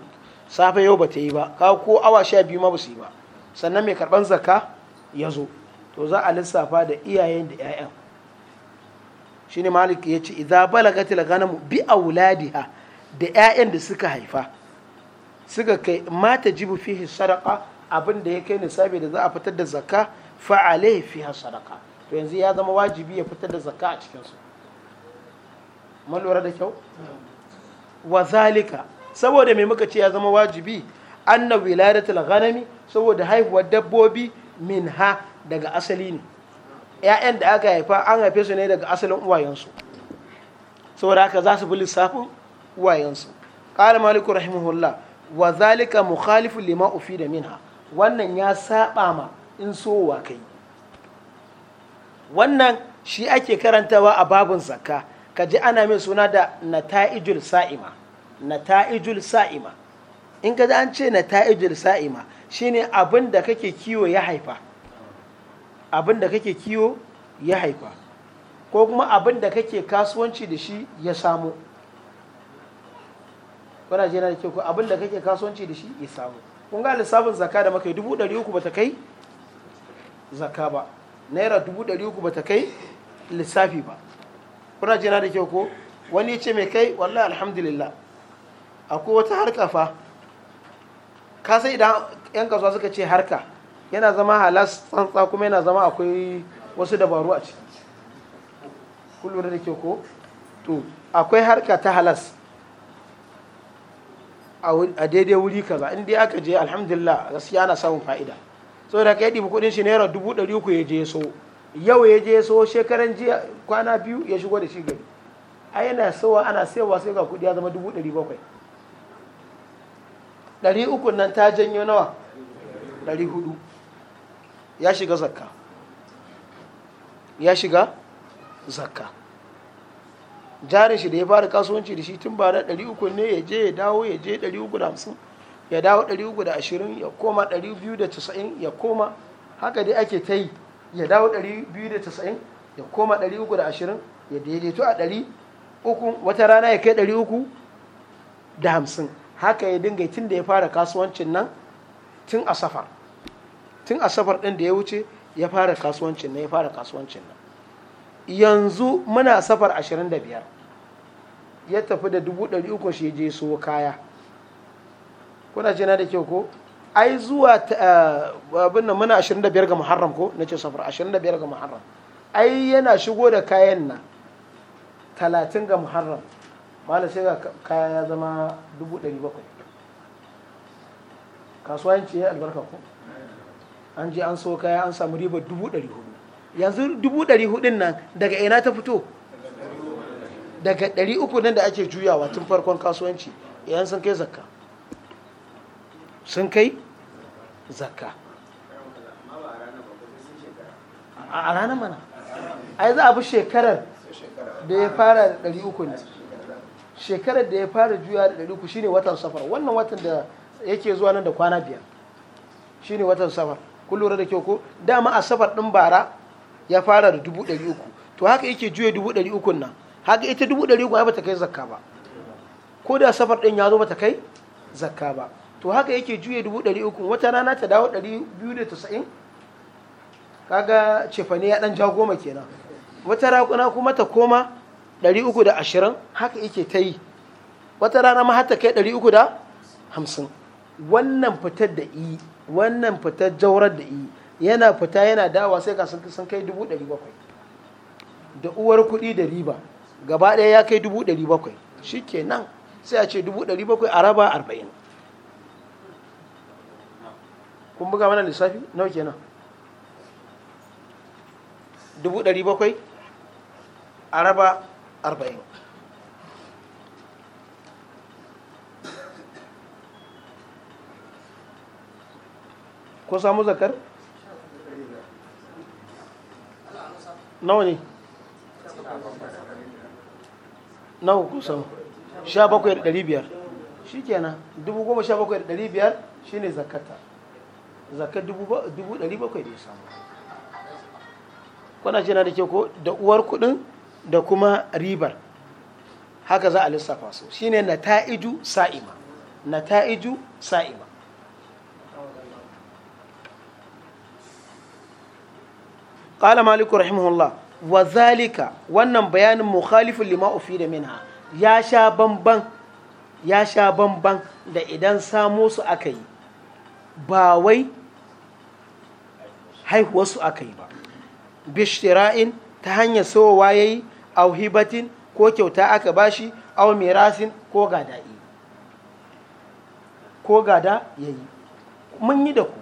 safe yau ba ta yi ba ka ko awa 12 ma ba su yi ba sannan mai karban zakka ya zo to za a lissafa da iyayen da 'ya'yan shine malik ya ce idza balagatil ghanam bi a auladiha da 'ya'yan da suka haifa suka kai mata jibu fihi sadaka abinda ya kai nisabi da za a fitar da zakka fa alaihi fiha sadaqa to yanzu ya zama wajibi ya fitar da zakka a cikinsu. su da kyau wa zalika saboda me muka ce ya zama wajibi anna wiladatul ghanami saboda haihuwar dabbobi minha daga asali ne 'ya'yan da aka haifa an haife su ne daga asalin uwayensu saboda haka za su bi lissafin uwayensu qala maliku rahimahullah wa zalika mukhalifu lima da minha wannan ya saba ma in wa kai wannan shi ake karantawa a babun zakka ka ji ana mai suna da nata'ijul sa'ima nata'ijul sa'ima in ka ji an ce nata'ijul sa'ima shine abin da kake kiwo ya haifa abin da kake kiwo ya haifa ko kuma abin da kake kasuwanci da shi ya samu kuna jina da kyau abin da kake kasuwanci da shi ya samu kun ga lissafin zaka da makai dubu ɗari uku bata kai zaka ba naira dubu ɗari uku bata kai lissafi ba kuna jina da kyau ko wani ya ce mai kai wallahi alhamdulillah akwai wata harka fa ka sai idan yan kasuwa suka ce harka yana zama halas tsantsa kuma yana zama akwai wasu dabaru a ciki kullum da ke ko to akwai harka ta halas a daidai wuri kaza in dai aka je alhamdulillah gaskiya ana samun fa'ida saboda ka yi ɗibi kuɗin shi naira dubu ɗari uku ya je so yau ya je so shekaran jiya kwana biyu ya shigo da shi gari a yana sowa ana sayarwa sai ga kuɗi ya zama dubu ɗari bakwai ɗari uku nan ta janyo nawa ɗari hudu ya shiga zakka ya shiga zakka jari shi da ya fara kasuwanci da shi tun bara 300 ne ya je ya dawo ya je 350 ya dawo 320 ya koma 290 ya koma haka dai ake ta yi ya dawo 290 ya koma 320 ya daidaito a 300 wata rana ya kai 350 haka ya dinga tun da ya fara kasuwancin nan tun a safar tun asabar ɗin da ya wuce ya fara kasuwancin nan ya fara kasuwancin nan yanzu muna safar 25 ya tafi da 300 shi je so kaya kuna ce na da kyau ko ai zuwa eh, abin nan muna 25 ga muharram ko na ce safar 25 ga muharram ai yana shigo da kayan nan 30 ga muharram malam sai ga kaya ya zama 700 kasuwanci ya albarka ko an je an so kaya an samu riba dubu ɗari hudu yanzu dubu ɗari hudun nan daga ina ta fito daga ɗari uku nan da ake juyawa tun farkon kasuwanci yan sun kai zakka sun kai zakka a ranar mana ai za a bi shekarar da ya fara da ɗari uku ne shekarar da ya fara juya da ɗari uku shine watan safar wannan watan da yake zuwa nan da kwana biyar shine watan safar kun lura da kyau ko dama a safar ɗin bara ya fara da dubu ɗari uku to haka yake juya dubu ɗari uku nan haka ita dubu ɗari uku ya bata kai zakka ba ko da safar ɗin ya zo bata kai zakka ba to haka yake juya dubu ɗari uku wata rana ta dawo ɗari biyu da tasa'in kaga cefane ya ɗan ja goma kenan wata rana kuma ta koma ɗari uku da ashirin haka yake ta yi wata rana ma har ta kai ɗari uku da hamsin wannan fitar da i wannan fita jaurar da yi yana fita yana dawa sai ka sun kai dubu ɗari bakwai da uwar kuɗi da riba gaba ɗaya ya kai dubu ɗari bakwai shi ke nan sai a ce dubu ɗari bakwai a raba arba'in kun buga mana lissafi nawa nan dubu ɗari bakwai a raba arba'in ko samu zakar nawa ne nawa ko samu sha bakwai ɗari biyar shi kenan dubu goma sha bakwai ɗari biyar shi ne zakata zakar dubu ɗari bakwai da ya samu kwana na da ke ko da uwar kuɗin da kuma ribar haka za a lissafa su shine ta'iju sa'ima na ta'iju sa'ima قال مالك rahimahullah wa zalika wannan bayanin mukhalifu lima ufida minha ya sha bamban ya sha banban da idan samo su aka ba wai haihuwarsu aka yi ba bishtira'in ta hanyar sowa ya yi au hibatin ko kyauta aka bashi au mirasin ko gada yi ko gada ya yi mun yi da ku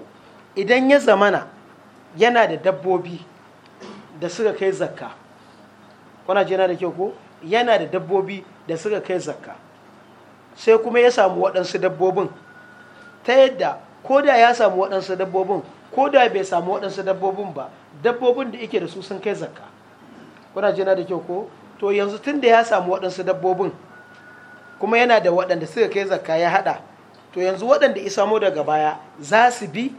idan ya zamana yana da dabbobi da suka kai zakka kuna jina da kyau ko yana da dabbobi da suka kai zakka sai kuma ya samu waɗansu dabbobin ta yadda ko da ya samu waɗansu dabbobin ko da bai samu waɗansu dabbobin ba dabbobin da yake da su sun kai zakka kuna jina da kyau ko to yanzu tun da ya samu waɗansu dabbobin kuma yana da waɗanda suka kai zakka ya haɗa to yanzu waɗanda ya samu daga baya za su bi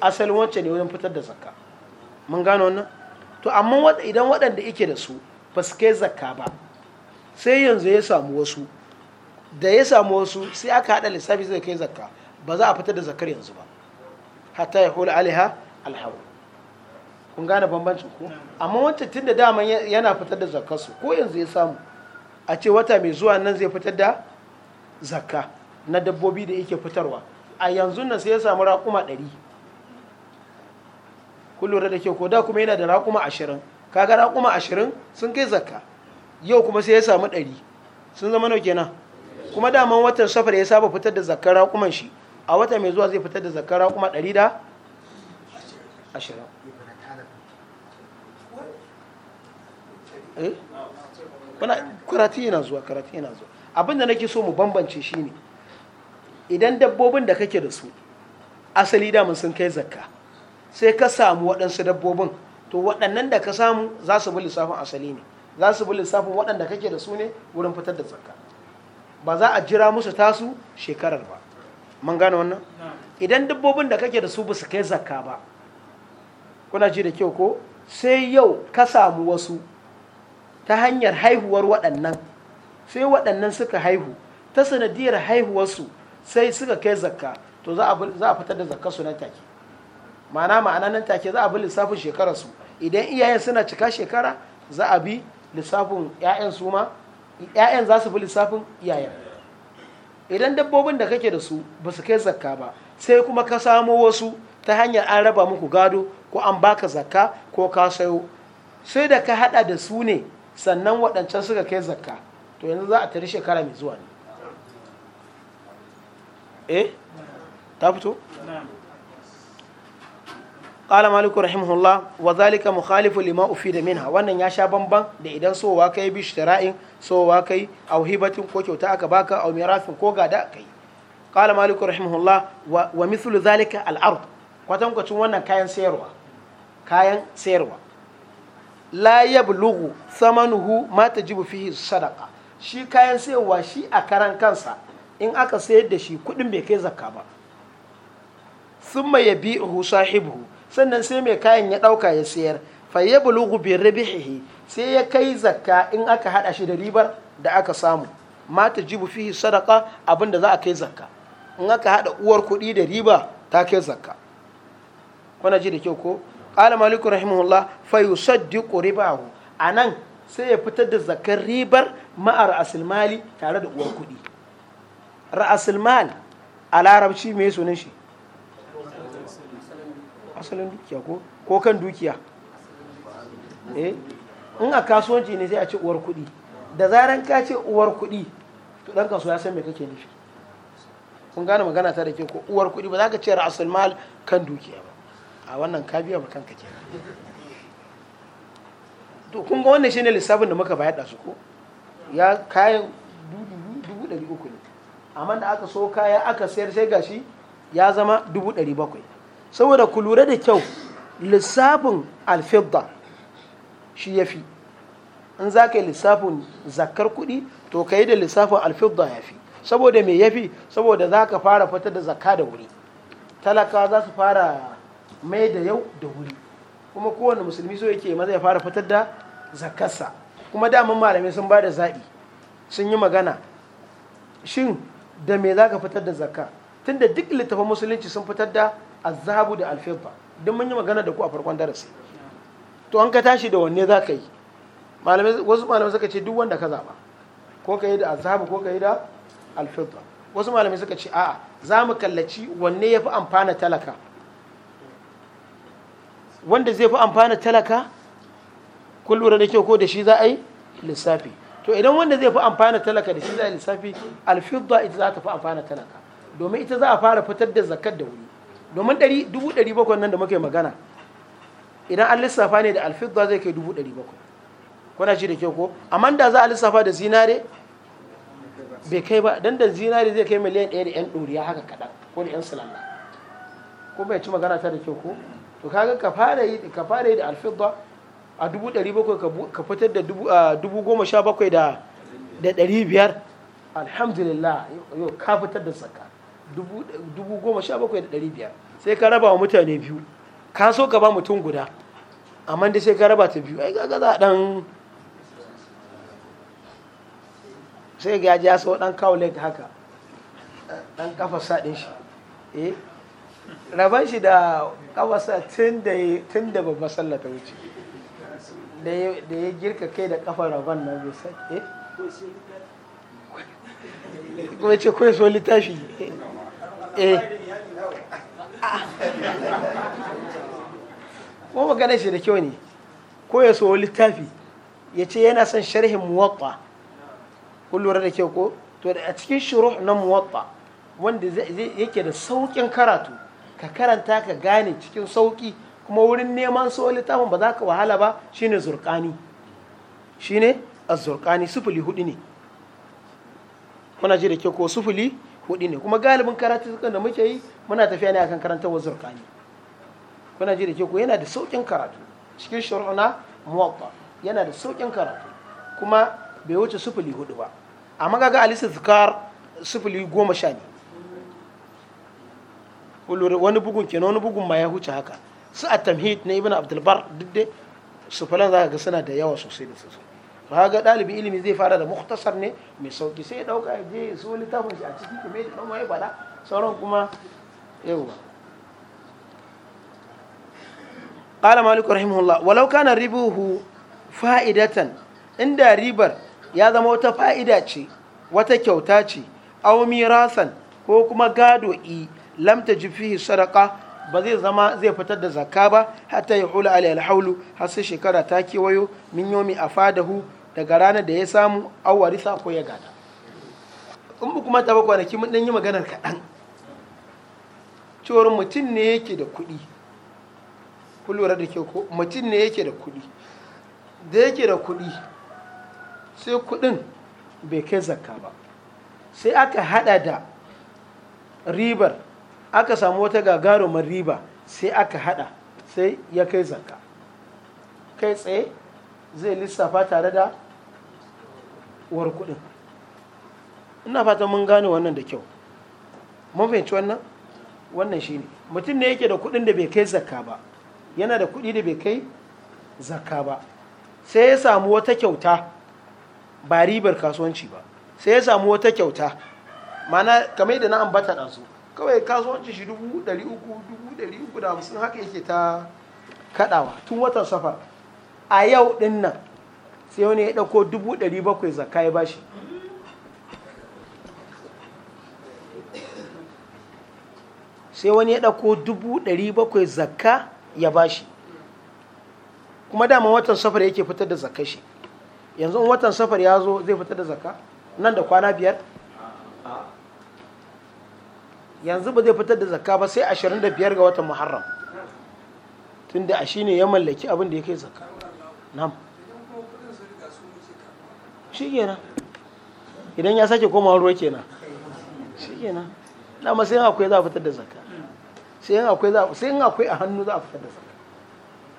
asalin wancan ne wajen fitar da zakka mun gano wannan to amma idan waɗanda yake da su ba su kai zakka ba sai yanzu ya samu wasu da ya samu wasu sai aka haɗa lissafi zai kai zakka ba za a fitar da zakar yanzu ba hatta ya hula alaiha alhawu kun gane bambancin ku amma wancan tun da dama yana fitar da su ko yanzu ya samu a ce wata mai zuwa nan zai fitar da zakka na dabbobi da yake fitarwa a yanzu nan sai ya samu raƙuma ɗari kun lura da kyau ko da kuma yana da raƙuma ashirin kaga raƙuma ashirin sun kai zakka yau kuma sai ya samu ɗari sun zama nau kenan kuma daman watan safar ya saba fitar da zakkar raƙuman shi a wata mai zuwa zai fitar da zakkar raƙuma ɗari da ashirin eh? karatu yana zuwa karatu yana zuwa abinda nake so mu bambance shine idan dabbobin da kake da su asali damun sun kai zakka sai ka samu waɗansu dabbobin to waɗannan da ka samu za su bi lissafin asali ne za su bi lissafin waɗanda kake da su ne wurin fitar da zakka ba za a jira musu tasu shekarar ba man gane wannan idan dabbobin da kake da su ba su kai zakka ba kuna ji da kyau ko sai yau ka samu wasu ta hanyar haihuwar waɗannan sai waɗannan suka haihu ta sanadiyar haihuwarsu sai suka kai zakka to za a fitar da zakka su na take ma'ana ma'ana nan take za a bi lissafin shekararsu idan iyayen suna cika shekara za a bi lissafin 'ya'yan su ma 'ya'yan za su bi lissafin iyayen idan dabbobin da kake da su ba su kai zakka ba sai kuma ka samo wasu ta hanyar an raba muku gado ko an baka zakka ko ka sayo sai da ka hada da su ne sannan waɗancan suka kai zakka to yanzu za a tari shekara mai zuwa ne eh ta fito qala maliku rahimahullah wa zalika khalifu lima ufida minha wannan ya sha bamban da idan wa kai bi shira'in wa kai au hibatin ko kyauta aka baka au rafin ko gada kai qala maliku rahimahullah wa mithlu zalika al-ard kwatankwacin wannan kayan sayarwa kayan sayarwa la saman thamanuhu ma jibu fihi sadaka shi kayan sayarwa shi a karan kansa in aka sayar da shi kudin bai kai zakka ba bi yabi'uhu sahibu. sannan sai mai kayan ya ɗauka ya sayar fa ya bulugu bi rabihi sai ya kai zakka in aka hada shi da ribar da aka samu ma tajibu fihi sadaka abinda za a kai zakka in aka hada uwar kuɗi da riba ta kai zakka kuna ji da kyau ko qala maliku rahimahullah fa yusaddiqu a nan sai ya fitar da zakkar ribar ma'ar asilmali tare da uwar kuɗi ra'asilmal a larabci mai sunan shi asalin dukiya ko kan dukiya eh in a kasuwanci ne sai a ci uwar kuɗi da zaran ka ce uwar kuɗi to dan kasuwa ya san me kake nufi kun gane magana ta da ke ko uwar kuɗi ba za ka ce ra'asul mal kan dukiya ba a wannan ka biya ba kanka ke to kun ga wannan shine lissafin da muka bayar da su ko ya kayan dubu ɗari uku ne amma da aka so kaya aka sayar sai gashi ya zama dubu ɗari bakwai saboda ku lura da kyau lissafin alfidda shi ya fi in za ka yi lissafin zakar kuɗi to ka yi da lissafin alfidda ya fi saboda me ya fi saboda za ka fara fitar da zakka da wuri talakawa za su fara mai da yau da wuri kuma kowane musulmi so yake maza ya fara fitar da zakarsa kuma daman malamai sun ba da zaɓi sun yi magana shin da me za ka fitar da zakka tunda duk littafin musulunci sun fitar da Azabu da alfidda don mun yi magana da ku a farkon darasi to an ka tashi da wanne za ka yi wasu malamai suka ce duk wanda ka zaba ko ka yi da azabu ko ka yi da alfidda wasu malamai suka ce a'a za mu kallaci wanne ya fi amfana talaka wanda zai fi amfana talaka kun lura da kyau ko da shi za a yi lissafi to idan wanda zai fi amfana talaka da shi za a yi lissafi alfidda ita za ta fi amfana talaka domin ita za a fara fitar da zakat da wuri domin dubu ɗari bakwai nan da muke magana idan an lissafa ne da alfidda zai kai dubu ɗari bakwai kuna shi da kyau ko amma da za a lissafa da zinare bai kai ba don da zinare zai kai miliyan ɗaya da yan ɗoriya haka kaɗan ko da yan silalla ko bai ci magana ta da kyau ko to kaga ka fara yi ka fara yi da alfidda a dubu ɗari bakwai ka fitar da ah, dubu goma sha bakwai da ɗari biyar alhamdulillah yau ka fitar da saka dubu goma sha bakwai da biyar sai ka raba wa mutane biyu ka so ka ba mutum guda amma da sai ka raba ta biyu ai ga za a sai ga ya so ɗan kawo leg haka ɗan kafa din shi eh raban shi da sa tun da babbar sallah ta wuce da ya girka kai da kafa raban nan bai sa eh ko ce ko so littafi eh ko maganar shi da kyau ne ko ya so littafi ya ce yana son sharhin muwatta kun lura da kyau ko to a cikin shiru na muwatta wanda yake da sauƙin karatu ka karanta ka gane cikin sauƙi kuma wurin neman so littafin ba za ka wahala ba shine zurkani shine a zurkani sufuli hudu ne kuna ji da kyau ko sufuli Kuɗi ne kuma galibin karatu da muke yi muna tafiya ne akan karanta wa zurkani kuna ji da ke ku yana da saukin karatu cikin shari'una muwaffa yana da saukin karatu kuma bai wuce sufuli hudu ba amma kaga alisa zikar sufuli goma sha ne wani bugun na wani bugun ma ya huce haka su a tamhid na ibn abdulbar duk dai sufulan za ka ga suna da yawa sosai da sosai to ɗalibi ilimi zai fara da muktasar ne mai sauki sai ya ɗauka ya je so littafin shi a kuma ya ɗan waye faɗa sauran kuma yauwa قال مالك رحمه الله ولو كان ربه wata fa'ida ce wata kyauta ce aw mirasan ko kuma gado i lam tajib fihi sadaqa ba zai zama zai fitar da zakka ba hatta ya hula alai alhaulu har sai shekara ta kewayo min yomi fadahu daga ranar da ya samu awarisa ko ya gada in ba kuma taba kwanaki mun yi maganar kaɗan cewar mutum ne yake da kuɗi kulura da ke ko mutum ne yake da kuɗi da yake da kuɗi sai kuɗin bai kai zakka ba sai aka hada da ribar aka samu wata gagarumar riba sai aka hada sai ya kai zakka kai tsaye zai lissafa tare da uwar kuɗin ina fata mun gane wannan da kyau mun fahimci wannan wannan shi ne mutum ne yake da kuɗin da bai kai zakka ba yana da kuɗi da bai kai zakka ba sai ya samu wata kyauta ba ribar kasuwanci ba sai ya samu wata kyauta mana kamar da na ambata da su kawai kasuwanci shi dubu ɗari uku dubu ɗari uku da hamsin haka yake ta kaɗawa tun watan safar a yau ɗin nan sai wani ya ɗauko dubu ɗari bakwai zakka ya bashi sai wani ya ɗauko dubu ɗari bakwai zakka ya bashi kuma dama watan safar yake fitar da zakka shi yanzu watan safar ya zo zai fitar da zakka nan da kwana biyar yanzu ba zai fitar da zakka ba sai 25 ga watan muharram tunda a shine ya mallaki abin da kai zakka na'am shi kenan idan ya sake koma ruwa kenan shi kenan dama sai akwai za a fitar da zakka sai akwai za sai akwai a hannu za a fitar da zakka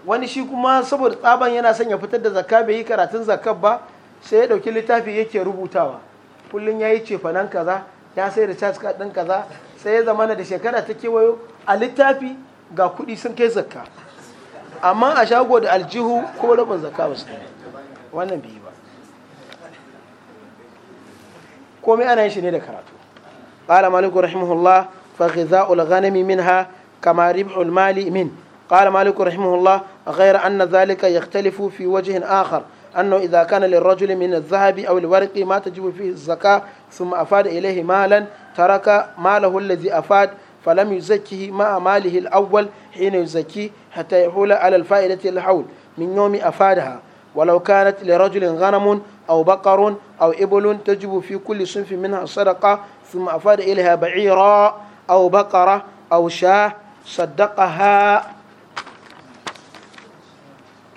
wani shi kuma saboda tsaban yana son ya fitar da zakka bai yi karatun zakka ba sai ya dauki littafi yake rubutawa kullun yayi cefanan kaza ya sai da charge card din kaza sai ya zamana da shekara ta kewayo a littafi ga kuɗi sun kai zakka amma a shago da aljihu ko rabin zakka ba su wannan bai ba كومي أنا إيش نيدا كراتو قال مالك رحمه الله فغذاء الغنم منها كما ربح المال من قال مالك رحمه الله غير أن ذلك يختلف في وجه آخر أنه إذا كان للرجل من الذهب أو الورق ما تجب فيه الزكاة ثم أفاد إليه مالا ترك ماله الذي أفاد فلم يزكيه مع ماله الأول حين يزكيه حتى يحول على الفائدة الحول من يوم أفادها ولو كانت لرجل غنم أو بقر أو إبل تجب في كل صنف منها صدقة ثم أفاد إليها بعيرا أو بقرة أو شاه صدقها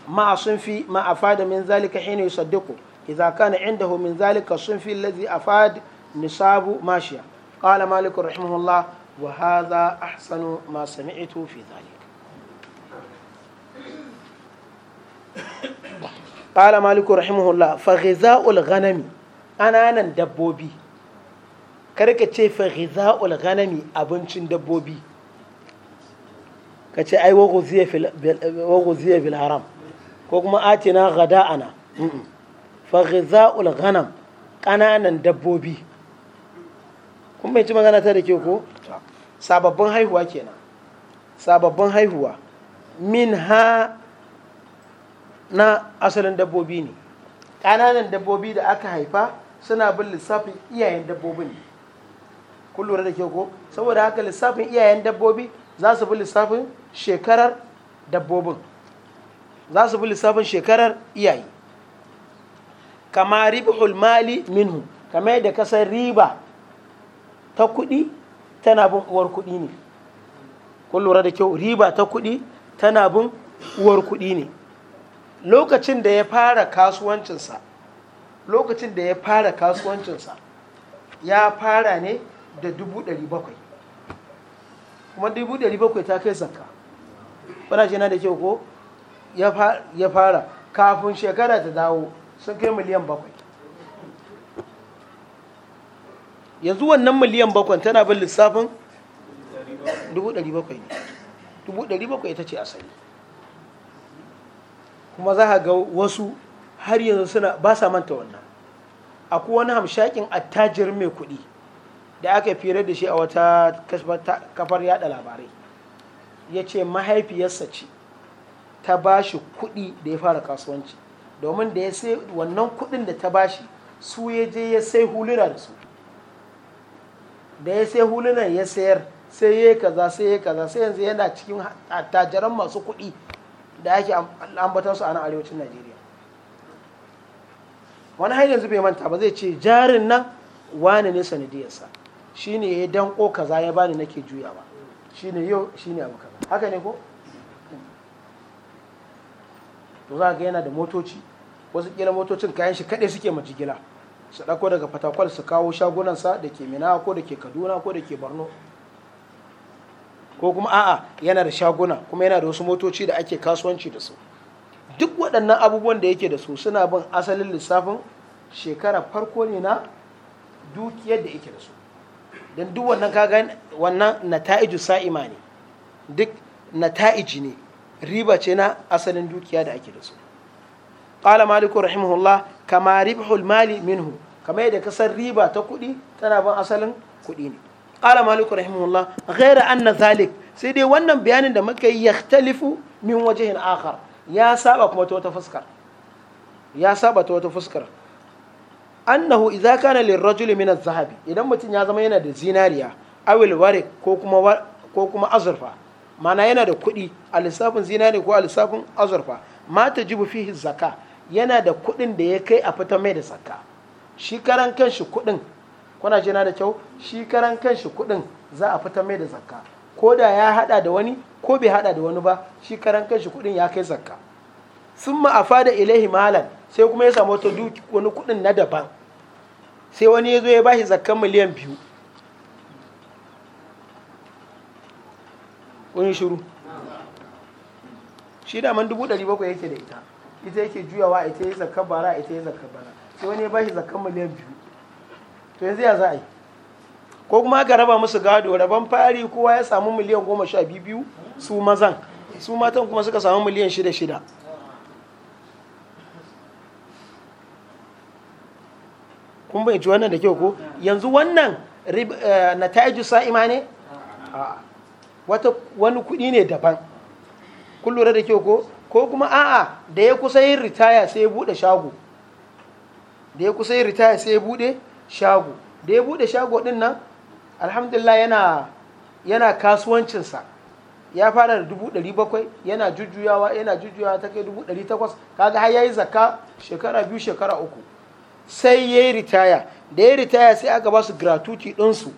مع صنف ما أفاد من ذلك حين يصدقه إذا كان عنده من ذلك الصنف الذي أفاد نصاب ماشية قال مالك رحمه الله وهذا أحسن ما سمعته في ذلك qala maliku rahimahullah fa ghiza'ul ghanami ananan dabbobi karka ce fa ghiza'ul abincin dabbobi ka ce ai wa ghuziya fil haram ko kuma atina ghada'ana fa ghiza'ul ghanam kananan dabbobi kun bai ci magana ta da ke ko sababbin haihuwa kenan sababbin haihuwa min ha na asalin dabbobi ne ƙananan dabbobi da aka haifa suna bin lissafin iyayen dabbobin ne kun lura da kyau ko saboda haka lissafin iyayen dabbobi za su bi lissafin shekarar dabbobin za su bi lissafin shekarar iyaye kama ribhul mali minhu kamar yadda kasar riba ta kuɗi tana bin uwar kuɗi ne kun lura da kyau riba ta kuɗi tana bin uwar kuɗi ne lokacin da ya fara kasuwancinsa lokacin da ya fara kasuwancinsa ya fara ne da bakwai. kuma bakwai ta kai zakka wadda jina da kyau ko ya fara kafin shekara ta dawo sun kai miliyan bakwai yanzu wannan miliyan bakwai tana bin lissafin 700 ne bakwai ita ce asali kuma za ka ga wasu har yanzu suna ba sa manta wannan akwai wani hamshakin attajirin mai kuɗi da aka fira da shi a wata kafar yada labarai ya ce mahaifiyarsa ce ta ba shi kuɗi da ya fara kasuwanci domin da ya sai wannan kuɗin da ta ba shi su ya je ya sai huluna da su da ya sai hulunar ya sayar sai ya kaza sai ya kaza sai yanzu yana cikin attajiran masu kuɗi da ake ambatan su a nan arewacin najeriya wani hanyar yanzu bai manta ba zai ce jarin nan wani ne sanadiyarsa shine ya danko kaza ya bani nake juyawa shine yau shine abu kaza haka ne ko to za ga yana da motoci wasu kila motocin kayan shi kaɗai suke majigila su ɗauko daga fatakwal su kawo shagunansa da ke mina ko da ke kaduna ko da ke borno ko kuma a'a yana da shaguna kuma yana da wasu motoci da ake kasuwanci da su duk waɗannan abubuwan da yake da su suna bin asalin lissafin shekara farko ne na dukiyar da yake da su don duk wannan kaga wannan nata'iju sa'ima ne duk nata'iji ne riba ce na asalin dukiya da ake da su qala maliku rahimahullah kama ribhul mali minhu kamar yadda kasar riba ta kuɗi tana bin asalin kuɗi ne qala maliku rahimahullah ghaira anna zalik sai dai wannan bayanin da muka yi yahtalifu min wajhin akhar ya saba kuma ta wata fuskar ya saba ta wata fuskar annahu idza kana lirrajuli min az-zahabi idan mutum ya zama yana da zinariya awil warik ko kuma azurfa mana yana da kuɗi a lissafin zinari ko a lissafin azurfa ma ta jibu fihi zaka yana da kuɗin da ya kai a fita mai da zakka shi karan kanshi kuɗin kuna jina da kyau shi karan kanshi kuɗin za a fita mai da zakka ko da ya hada da wani ko bai hada da wani ba shi karan kanshi kuɗin ya kai zakka sun ma'afa da ilahi mahalan sai kuma ya samu wani kuɗin na daban sai wani ya zo ya bashi zakkan miliyan biyu wani shiru shi daman dubu ɗari bakwai yake da ita ita yake juyawa ita yi zakkan bara ita yi zakkan bara sai wani ya bashi zakkan miliyan biyu to yanzu ya za a yi ko kuma aka raba musu gado raban fari kowa ya samu miliyan goma sha biyu su mazan su matan kuma suka samu miliyan shida shida kun bai wannan da kyau ko yanzu wannan eh, na taiju sa'ima ne wata wani kudi ne daban kun lura da kyau ko ko kuma a'a da ya kusa yin ritaya sai ya bude shago da ya kusa yin ritaya sai ya bude. shago da ya bude shago din nan alhamdulillah yana yana kasuwancinsa ya fara da dubu ɗari bakwai yana jujjuyawa yana jujjuyawa ta kai dubu ɗari takwas kaga har ya yi zakka shekara biyu shekara uku sai ya yi ritaya da ya yi ritaya sai aka ba su gratuity ɗinsu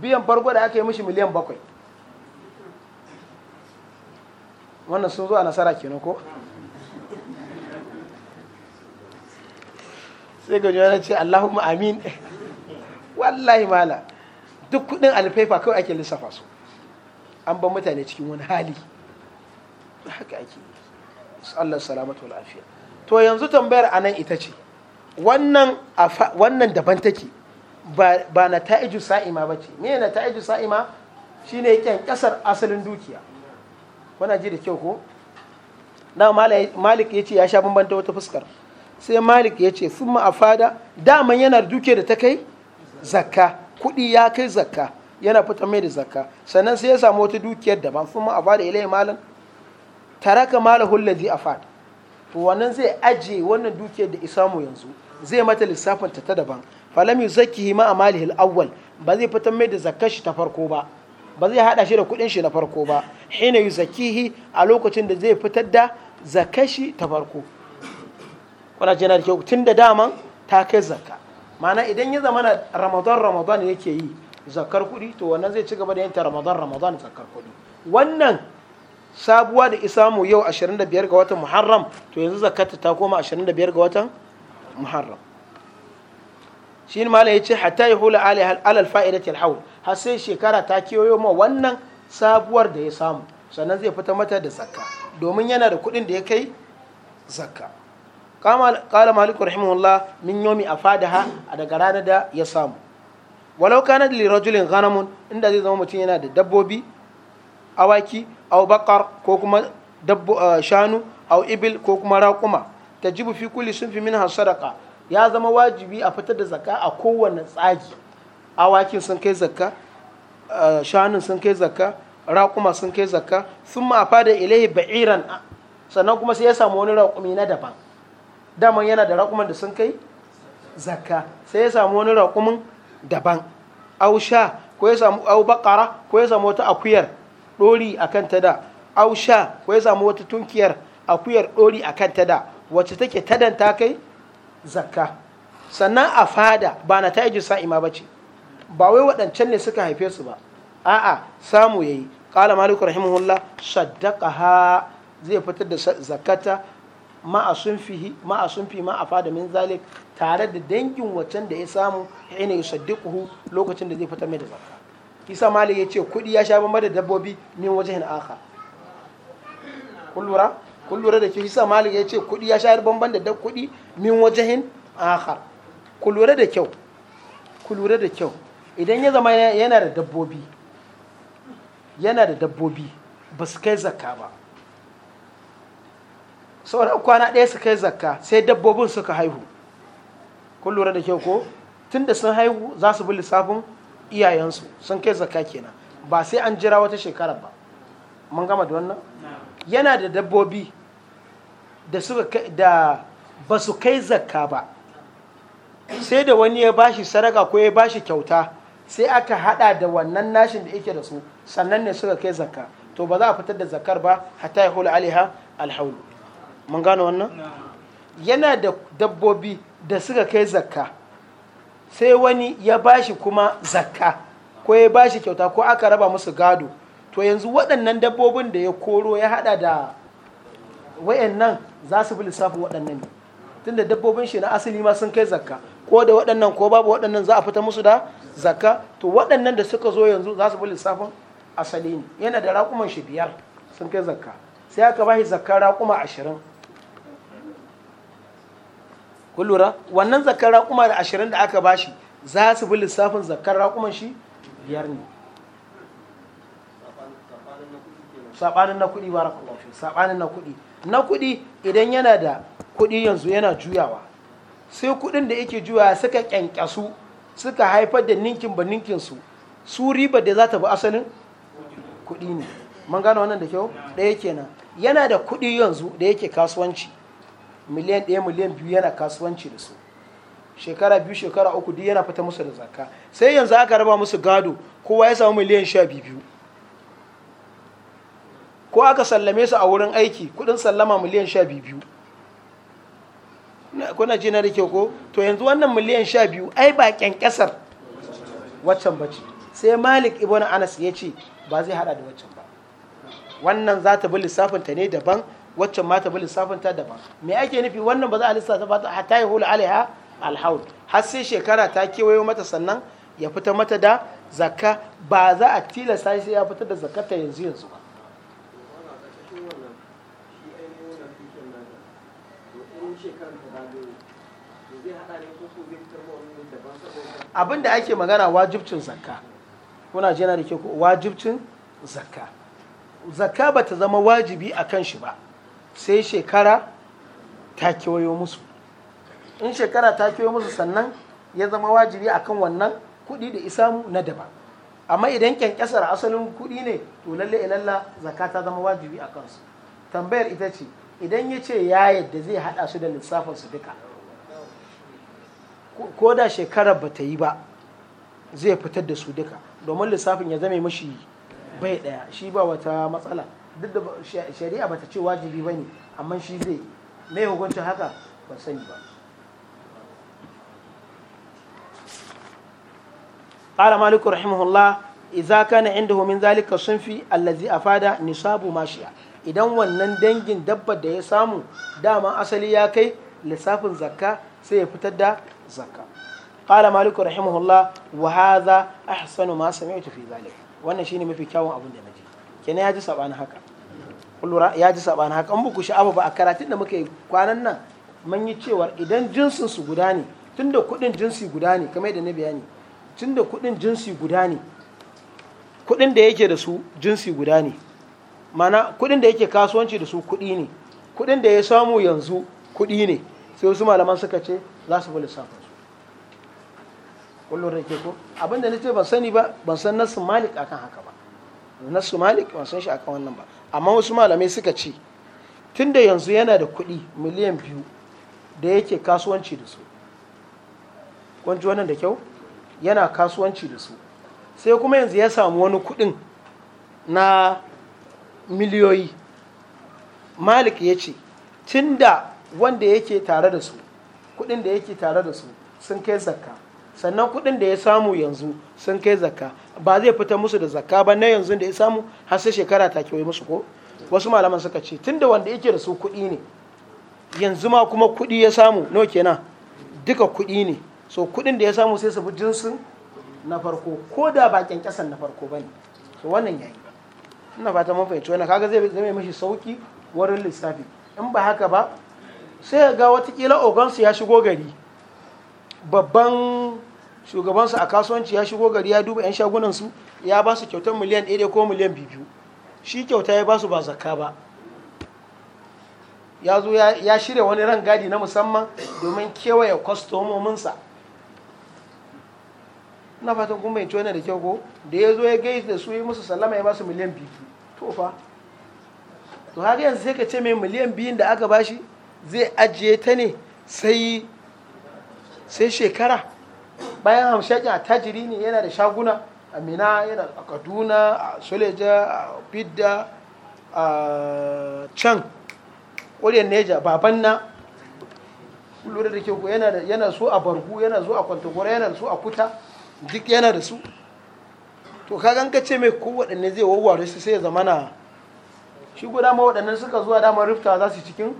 biyan farko da aka yi mishi miliyan bakwai wannan sun zo a nasara kenan ko sai ga wani ce Allahumma amin wallahi mala duk kudin alfaifa kawai ake lissafa su an ban mutane cikin wani hali haka ake Allah salamatu wa lafiya to yanzu tambayar anan ita ce wannan wannan daban take ba na ta'iju sa'ima ba ce me na ta'iju sa'ima shine kyan kasar asalin dukiya kuna ji da kyau ko na malik ya ce ya sha bambanta wata fuskar sai malik ya ce sun ma'afada daman yana duke da ta kai zakka kuɗi ya kai zakka yana fita mai da zakka sannan sai ya samu wata dukiyar daban sun ma'afada ilai malan taraka malahul a afad to wannan zai aje wannan dukiyar da isamu yanzu zai mata lissafin ta daban falam yuzakkihi ma a malihi awwal ba zai fita mai da zakkar shi ta farko ba ba zai hada shi da kudin shi na farko ba hina yuzakihi a lokacin da zai fitar da zakashi ta farko kuna jina da kyau tun da dama ta kai zakka ma'ana idan ya zama ramadan ramadan yake yi zakkar kuɗi to wannan zai ci gaba da yanta ramadan ramadan zakkar kuɗi wannan sabuwa da isamu yau 25 ga watan muharram to yanzu zakkarta ta koma 25 ga watan muharram shi ne ya ce hatta yi hula alal fa'idatil haul har sai shekara ta kiyoyo ma wannan sabuwar da ya samu sannan zai fita mata da zakka domin yana da kuɗin da ya kai zakka qala maliku rahimahullah min yomi afadaha a daga ranar da ya samu walau da lera julin ghanamun inda zai zama mutum yana da dabbobi awaki au bakar ko kuma eh, shanu au ibil ko kuma raƙuma tajibu fi kulli sunfi min sadaqa ya zama wajibi a fitar da zaka a kowane tsagi awakin sun kai zakka eh, shanun sun kai zakka raƙuma sun kai zakka sun ma fada ilaihi ba'iran sannan kuma sai ya samu wani raƙumi na daban daman yana da raƙuman da sun kai zakka sai ya samu wani raƙumin daban au sha ko ya samu au bakara ko ya samu wata akuyar ɗori a kan ta da au sha ko ya samu wata tunkiyar akuyar ɗori a kan ta da wacce take tadan ta kai zakka sannan a fada ba na ta iji sa'ima ba ce ba wai waɗancan ne suka haife su ba a'a samu yayi qala maliku rahimahullah saddaqaha zai fitar da zakata a sunfihi ma'a sunfi a fada min zalik tare da dangin waccan da ya samu ina yusaddiquhu lokacin da zai fita mai da zakka isa mali ya ce kuɗi ya sha bamba da dabbobi min wajen aka kullura kullura da ke isa mali ya ce kuɗi ya sha bamban da kuɗi min wajen aka kullura da kyau kullura da kyau idan ya zama yana da dabbobi yana da dabbobi ba su kai zakka ba sauran kwana ɗaya su kai zakka sai dabbobin suka haihu kun lura da kyau ko tun da sun haihu za su bi lissafin iyayensu sun kai zakka kenan ba sai an jira wata shekara ba mun gama da wannan yana da dabbobi da ba su kai zakka ba sai da wani ya bashi saraka ko ya bashi kyauta sai aka hada da wannan nashin da yake da su sannan ne suka kai zakka to ba za a fitar da zakkar ba hatta ya hula alaiha alhaulu mun gano wannan yana da dabbobi da suka kai zakka sai wani ya bashi kuma zakka ko ya bashi kyauta ko aka raba musu gado to yanzu waɗannan dabbobin da ya koro ya hada da wayannan za su bi lissafin waɗannan ne tunda dabbobin shi na asali ma sun kai zakka ko da waɗannan ko babu waɗannan za a fita musu da zakka to waɗannan da suka zo yanzu za su bi lissafin asali ne yana da raƙuman shi biyar sun kai zakka sai aka bashi zakka raƙuma ashirin kun lura wannan zakar raƙuma da ashirin da aka bashi za su bi lissafin zakar raƙuman shi biyar ne saɓanin na kuɗi ba saɓanin na kuɗi na kuɗi idan yana da kuɗi yanzu yana juyawa sai kuɗin da yake juyawa suka ƙyanƙyasu suka haifar da ninkin ba ninkin su su da za ta bi asalin kuɗi ne man gano wannan da kyau ɗaya kenan yana da kuɗi yanzu da yake kasuwanci miliyan ɗaya miliyan biyu yana kasuwanci da su shekara biyu shekara uku duk yana fita musu da zakka sai yanzu aka raba musu gado kowa ya samu miliyan sha biyu ko aka sallame su a wurin aiki kudin sallama miliyan sha biyu kuna ji na da ko to yanzu wannan miliyan sha biyu ai ba kyankyasar waccan bace sai malik ibn anas ya ce ba zai hada da waccan ba wannan za ta bi lissafinta ne daban waccan ma ta bi lissafin ta daban me ake nufi wannan ba za a lissafa ba ta hatta yahulu alaiha alhaul har sai shekara ta kewayo mata sannan ya fita mata da zakka ba za a tilasta sai ya fitar da zakkata yanzu yanzu ba abin da ake magana wajibcin zakka kuna jina da ke wajibcin zakka zakka ba ta zama wajibi a kan shi ba sai shekara ta kewayo musu in shekara ta kewayo musu sannan ya zama wajibi akan wannan kuɗi da isamu na daba amma idan kyankyasar asalin kuɗi ne to lalle ilalla zaka ta zama wajibi a kansu tambayar ita ce idan ya ce ya yadda zai haɗa su da lissafin su duka ko da shekarar ba ta yi ba zai fitar da su duka domin lissafin ya zame mashi bai ɗaya shi ba wata matsala duk da shari'a bata ce wajibi bane amma shi zai mai hukuncin haka ban sani ba قال مالك رحمه الله إذا homin zalika sun fi الصنف a fada نصاب ماشية idan wannan dangin dabbar da ya samu dama asali ya kai lissafin zakka sai ya fitar da zakka qala maliku rahimahullah wa hadha ahsanu ma sami'tu fi zalik wannan shine mafi kyawun abin da naji kenan ya ji sabanin haka kullura ya ji sabani haka an buku sha'aba ba a karatun da muka yi kwanan nan mun yi cewar idan jinsin su guda ne tun da kudin jinsi guda ne kamar da na bayani da kudin jinsi guda ne kudin da yake da su jinsi guda ne mana kudin da yake kasuwanci da su kudi ne kudin da ya samu yanzu kudi ne sai wasu malaman suka ce za su bi lissafin su kullum da ko abinda na ce ban sani ba ban san nasu malik akan haka ba nasu malik ban san shi akan wannan ba amma wasu malamai suka ce tunda yanzu yana da kuɗi miliyan biyu da yake kasuwanci da su kwanci wannan da kyau yana kasuwanci da su sai kuma yanzu ya samu wani kuɗin na miliyoyi malik ya ce tunda wanda yake tare da su kuɗin da yake tare da su sun kai zakka sannan kuɗin da ya samu yanzu sun kai zakka ba zai fita musu da zakka ba na yanzu da ya samu har sai shekara ta kewaye musu ko wasu malaman suka ce tunda wanda yake da su kuɗi ne yanzu ma kuma kuɗi ya samu no kenan duka kuɗi ne so kuɗin da ya samu sai su bi jinsin na farko ko da ba kyankyasan na farko ba ne so wannan ya yi ina fata mun fahimci wannan kaga zai zama mashi sauki wurin lissafi in ba haka ba sai ga wata watakila ogansu ya shigo gari babban shugabansu a kasuwanci ya shigo gari ya duba 'yan shagunansu ya ba su kyautar miliyan ɗaya ko miliyan biyu shi kyauta ya ba su ba zakka ba ya zo ya shirya wani rangadi na musamman domin kewaye kwastomominsa na fatan kuma yanci wani da kyau ko da ya zo ya gai da su yi musu sallama ya ba su miliyan biyu to fa to haka yanzu sai ka ce mai miliyan biyun da aka ba shi zai ajiye ta ne sai shekara bayan hamshakin tajiri ne yana da shaguna a mina yana a kaduna a soleja a bidda a can ƙuriyar neja baban na lura da kyau yana su a bargu yana su a kwantagora yana su a kuta duk yana da su to kagan ka ce mai kowaɗanne zai wawware su sai ya zama na shi guda ma waɗannan suka zuwa dama rufta za su cikin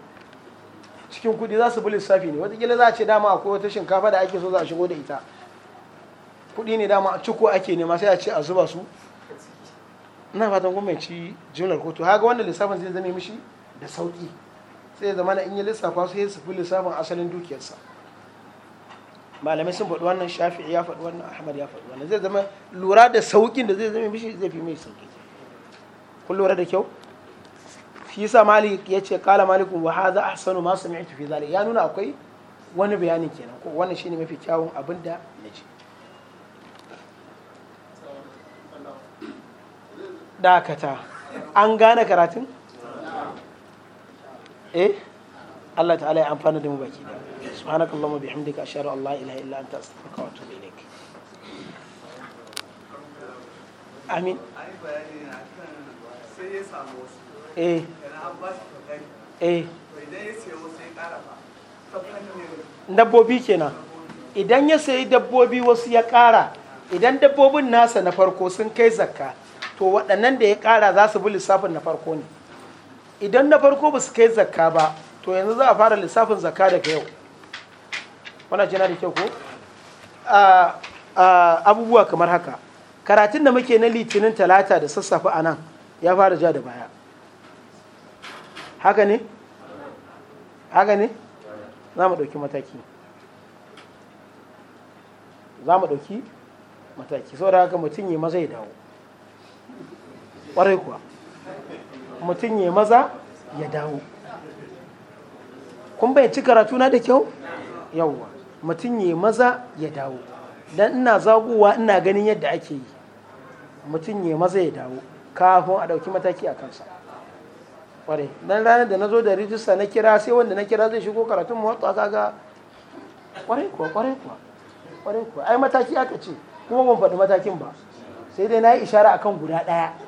cikin kudi za su bi lissafi ne watakila za a ce dama akwai wata shinkafa da ake so za a shigo da ita kuɗi ne dama a ciko ake nema sai a ce a zuba su na fatan kuma ci jimlar kotu haka wanda lissafin zai zame mishi da sauƙi sai zama na in yi lissafa su yin sufi lissafin asalin dukiyarsa malamai sun faɗi wannan Shafi ya faɗi wannan ahmad ya faɗi wannan zai zama lura da sauƙin da zai zame mishi zai fi mai sauƙi kun lura da kyau fi sa malik ya ce kala malikun wa hadha ahsanu ma sami'tu fi zalik ya nuna akwai wani bayanin kenan ko wannan shine mafi kyawun abin da ce dakata an gane karatun eh Allah ta'ala ya amfana da mu baki da subhanakallahumma bihamdika ashhadu an la ilaha illa anta astaghfiruka wa atubu ilaik amin eh eh dabbobi kenan idan ya sayi dabbobi wasu ya ƙara idan dabbobin nasa na farko sun kai zakka to waɗannan da ya ƙara za su bi lissafin na farko ne idan na farko ba su kai zakka ba to yanzu za a fara lissafin zakka daga yau wana jina da kyau ko abubuwa kamar haka karatun da muke na litinin talata da sassafe a nan ya fara ja da baya haka ne haka ne za mu ɗauki mataki za mu ɗauki mataki saboda haka mutum yi maza ya dawo kwarai kuwa mutum ya maza ya dawo kun ci karatu na da kyau yawwa mutum ya maza ya dawo dan ina zaguwa ina ganin yadda ake yi mutum ya maza ya dawo kafin a ɗauki mataki a kansa kware dan ranar da na zo da rijista na kira sai wanda na kira zai shigo karatun aka kaga kware kuwa kware kuwa kware kuwa ai mataki aka ce kuma ban faɗi matakin ba sai dai na yi ishara akan guda ɗaya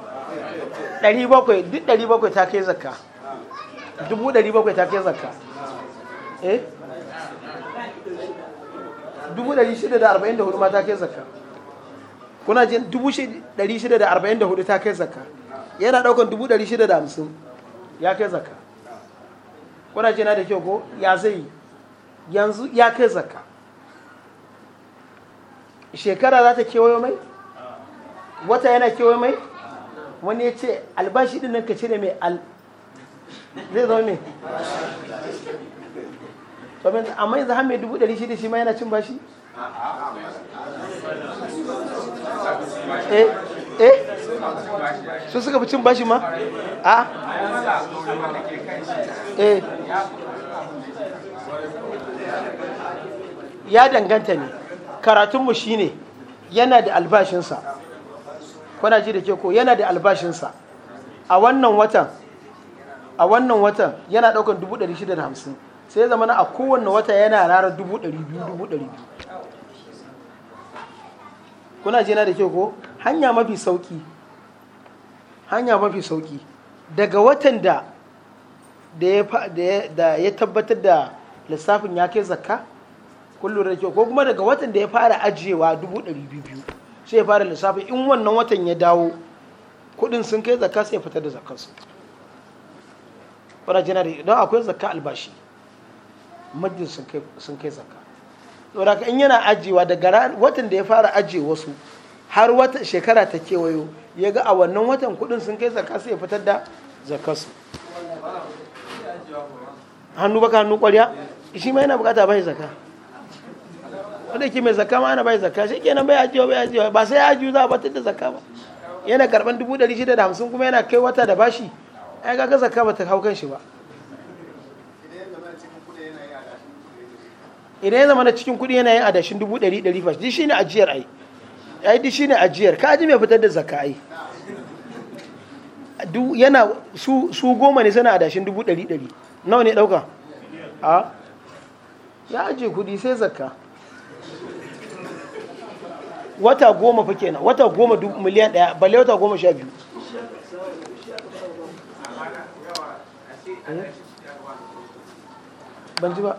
ɗari bakwai duk ɗari bakwai ta kai zakka dubu ɗari bakwai ta kai zakka eh dubu ɗari shida da arba'in da hudu ma ta kai zakka kuna jin dubu ɗari shida da arba'in da hudu ta kai zakka yana ɗaukan dubu ɗari shida da hamsin ya kai zakka kuna jin na da kyau ko ya zai yanzu ya kai zakka shekara za ta kewayo mai wata yana kewayo mai wani ya ce albashi din nan ka cire mai al zai zama mai amma yanzu har mai dubu ɗari shida shi ma yana cin bashi eh eh su suka fi cin bashi ma a eh ya danganta ne karatunmu shine yana da albashinsa kuna ji da ke ko yana da albashinsa a wannan watan a wannan watan yana daukan 650 sai zama na a kowanne wata yana rara 200,000 kuna ji na da ke ko hanya mafi sauki hanya mafi sauki daga watan da da ya tabbatar da lissafin ya kai zakka kullum da ke ko kuma daga watan da ya fara ajiyewa 200,000 sai ya fara lissafi in wannan watan ya dawo kudin sun kai zakka sai ya fitar da zakkansu fara da don akwai zakka albashi majin sun kai zakka saboda in yana ajiyewa daga watan da ya fara ajiye wasu har wata shekara ta kewayo ya ga a wannan watan kudin sun kai zakka sai ya fitar da su. hannu baka hannu kwarya shi ma yana bukata bai zakka wanda ke mai zakka ma ana bai zakka shi kenan bai ajiyo bai ajiyo ba sai ajiyu za a batar da zakka ba yana karban dubu ɗari shida da hamsin kuma yana kai wata da bashi ai ga zakka ba ta hau kan shi ba idan ya zama na cikin kuɗi yana yin adashin dubu ɗari ɗari fashi shi ne ajiyar ai ai shi ne ajiyar ka ji mai fitar da zakka ai yana su goma ne suna adashin dubu ɗari ɗari nawa ne ɗauka a ya ajiye kuɗi sai zakka wata goma fa kenan wata goma miliyan ɗaya balle wata goma sha biyu eh? ban ji ba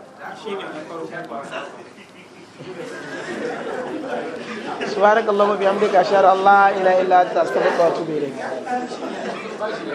subhanakallahumma bihamdika Allah ina la ilaha illa ta astaghfiruka wa atubu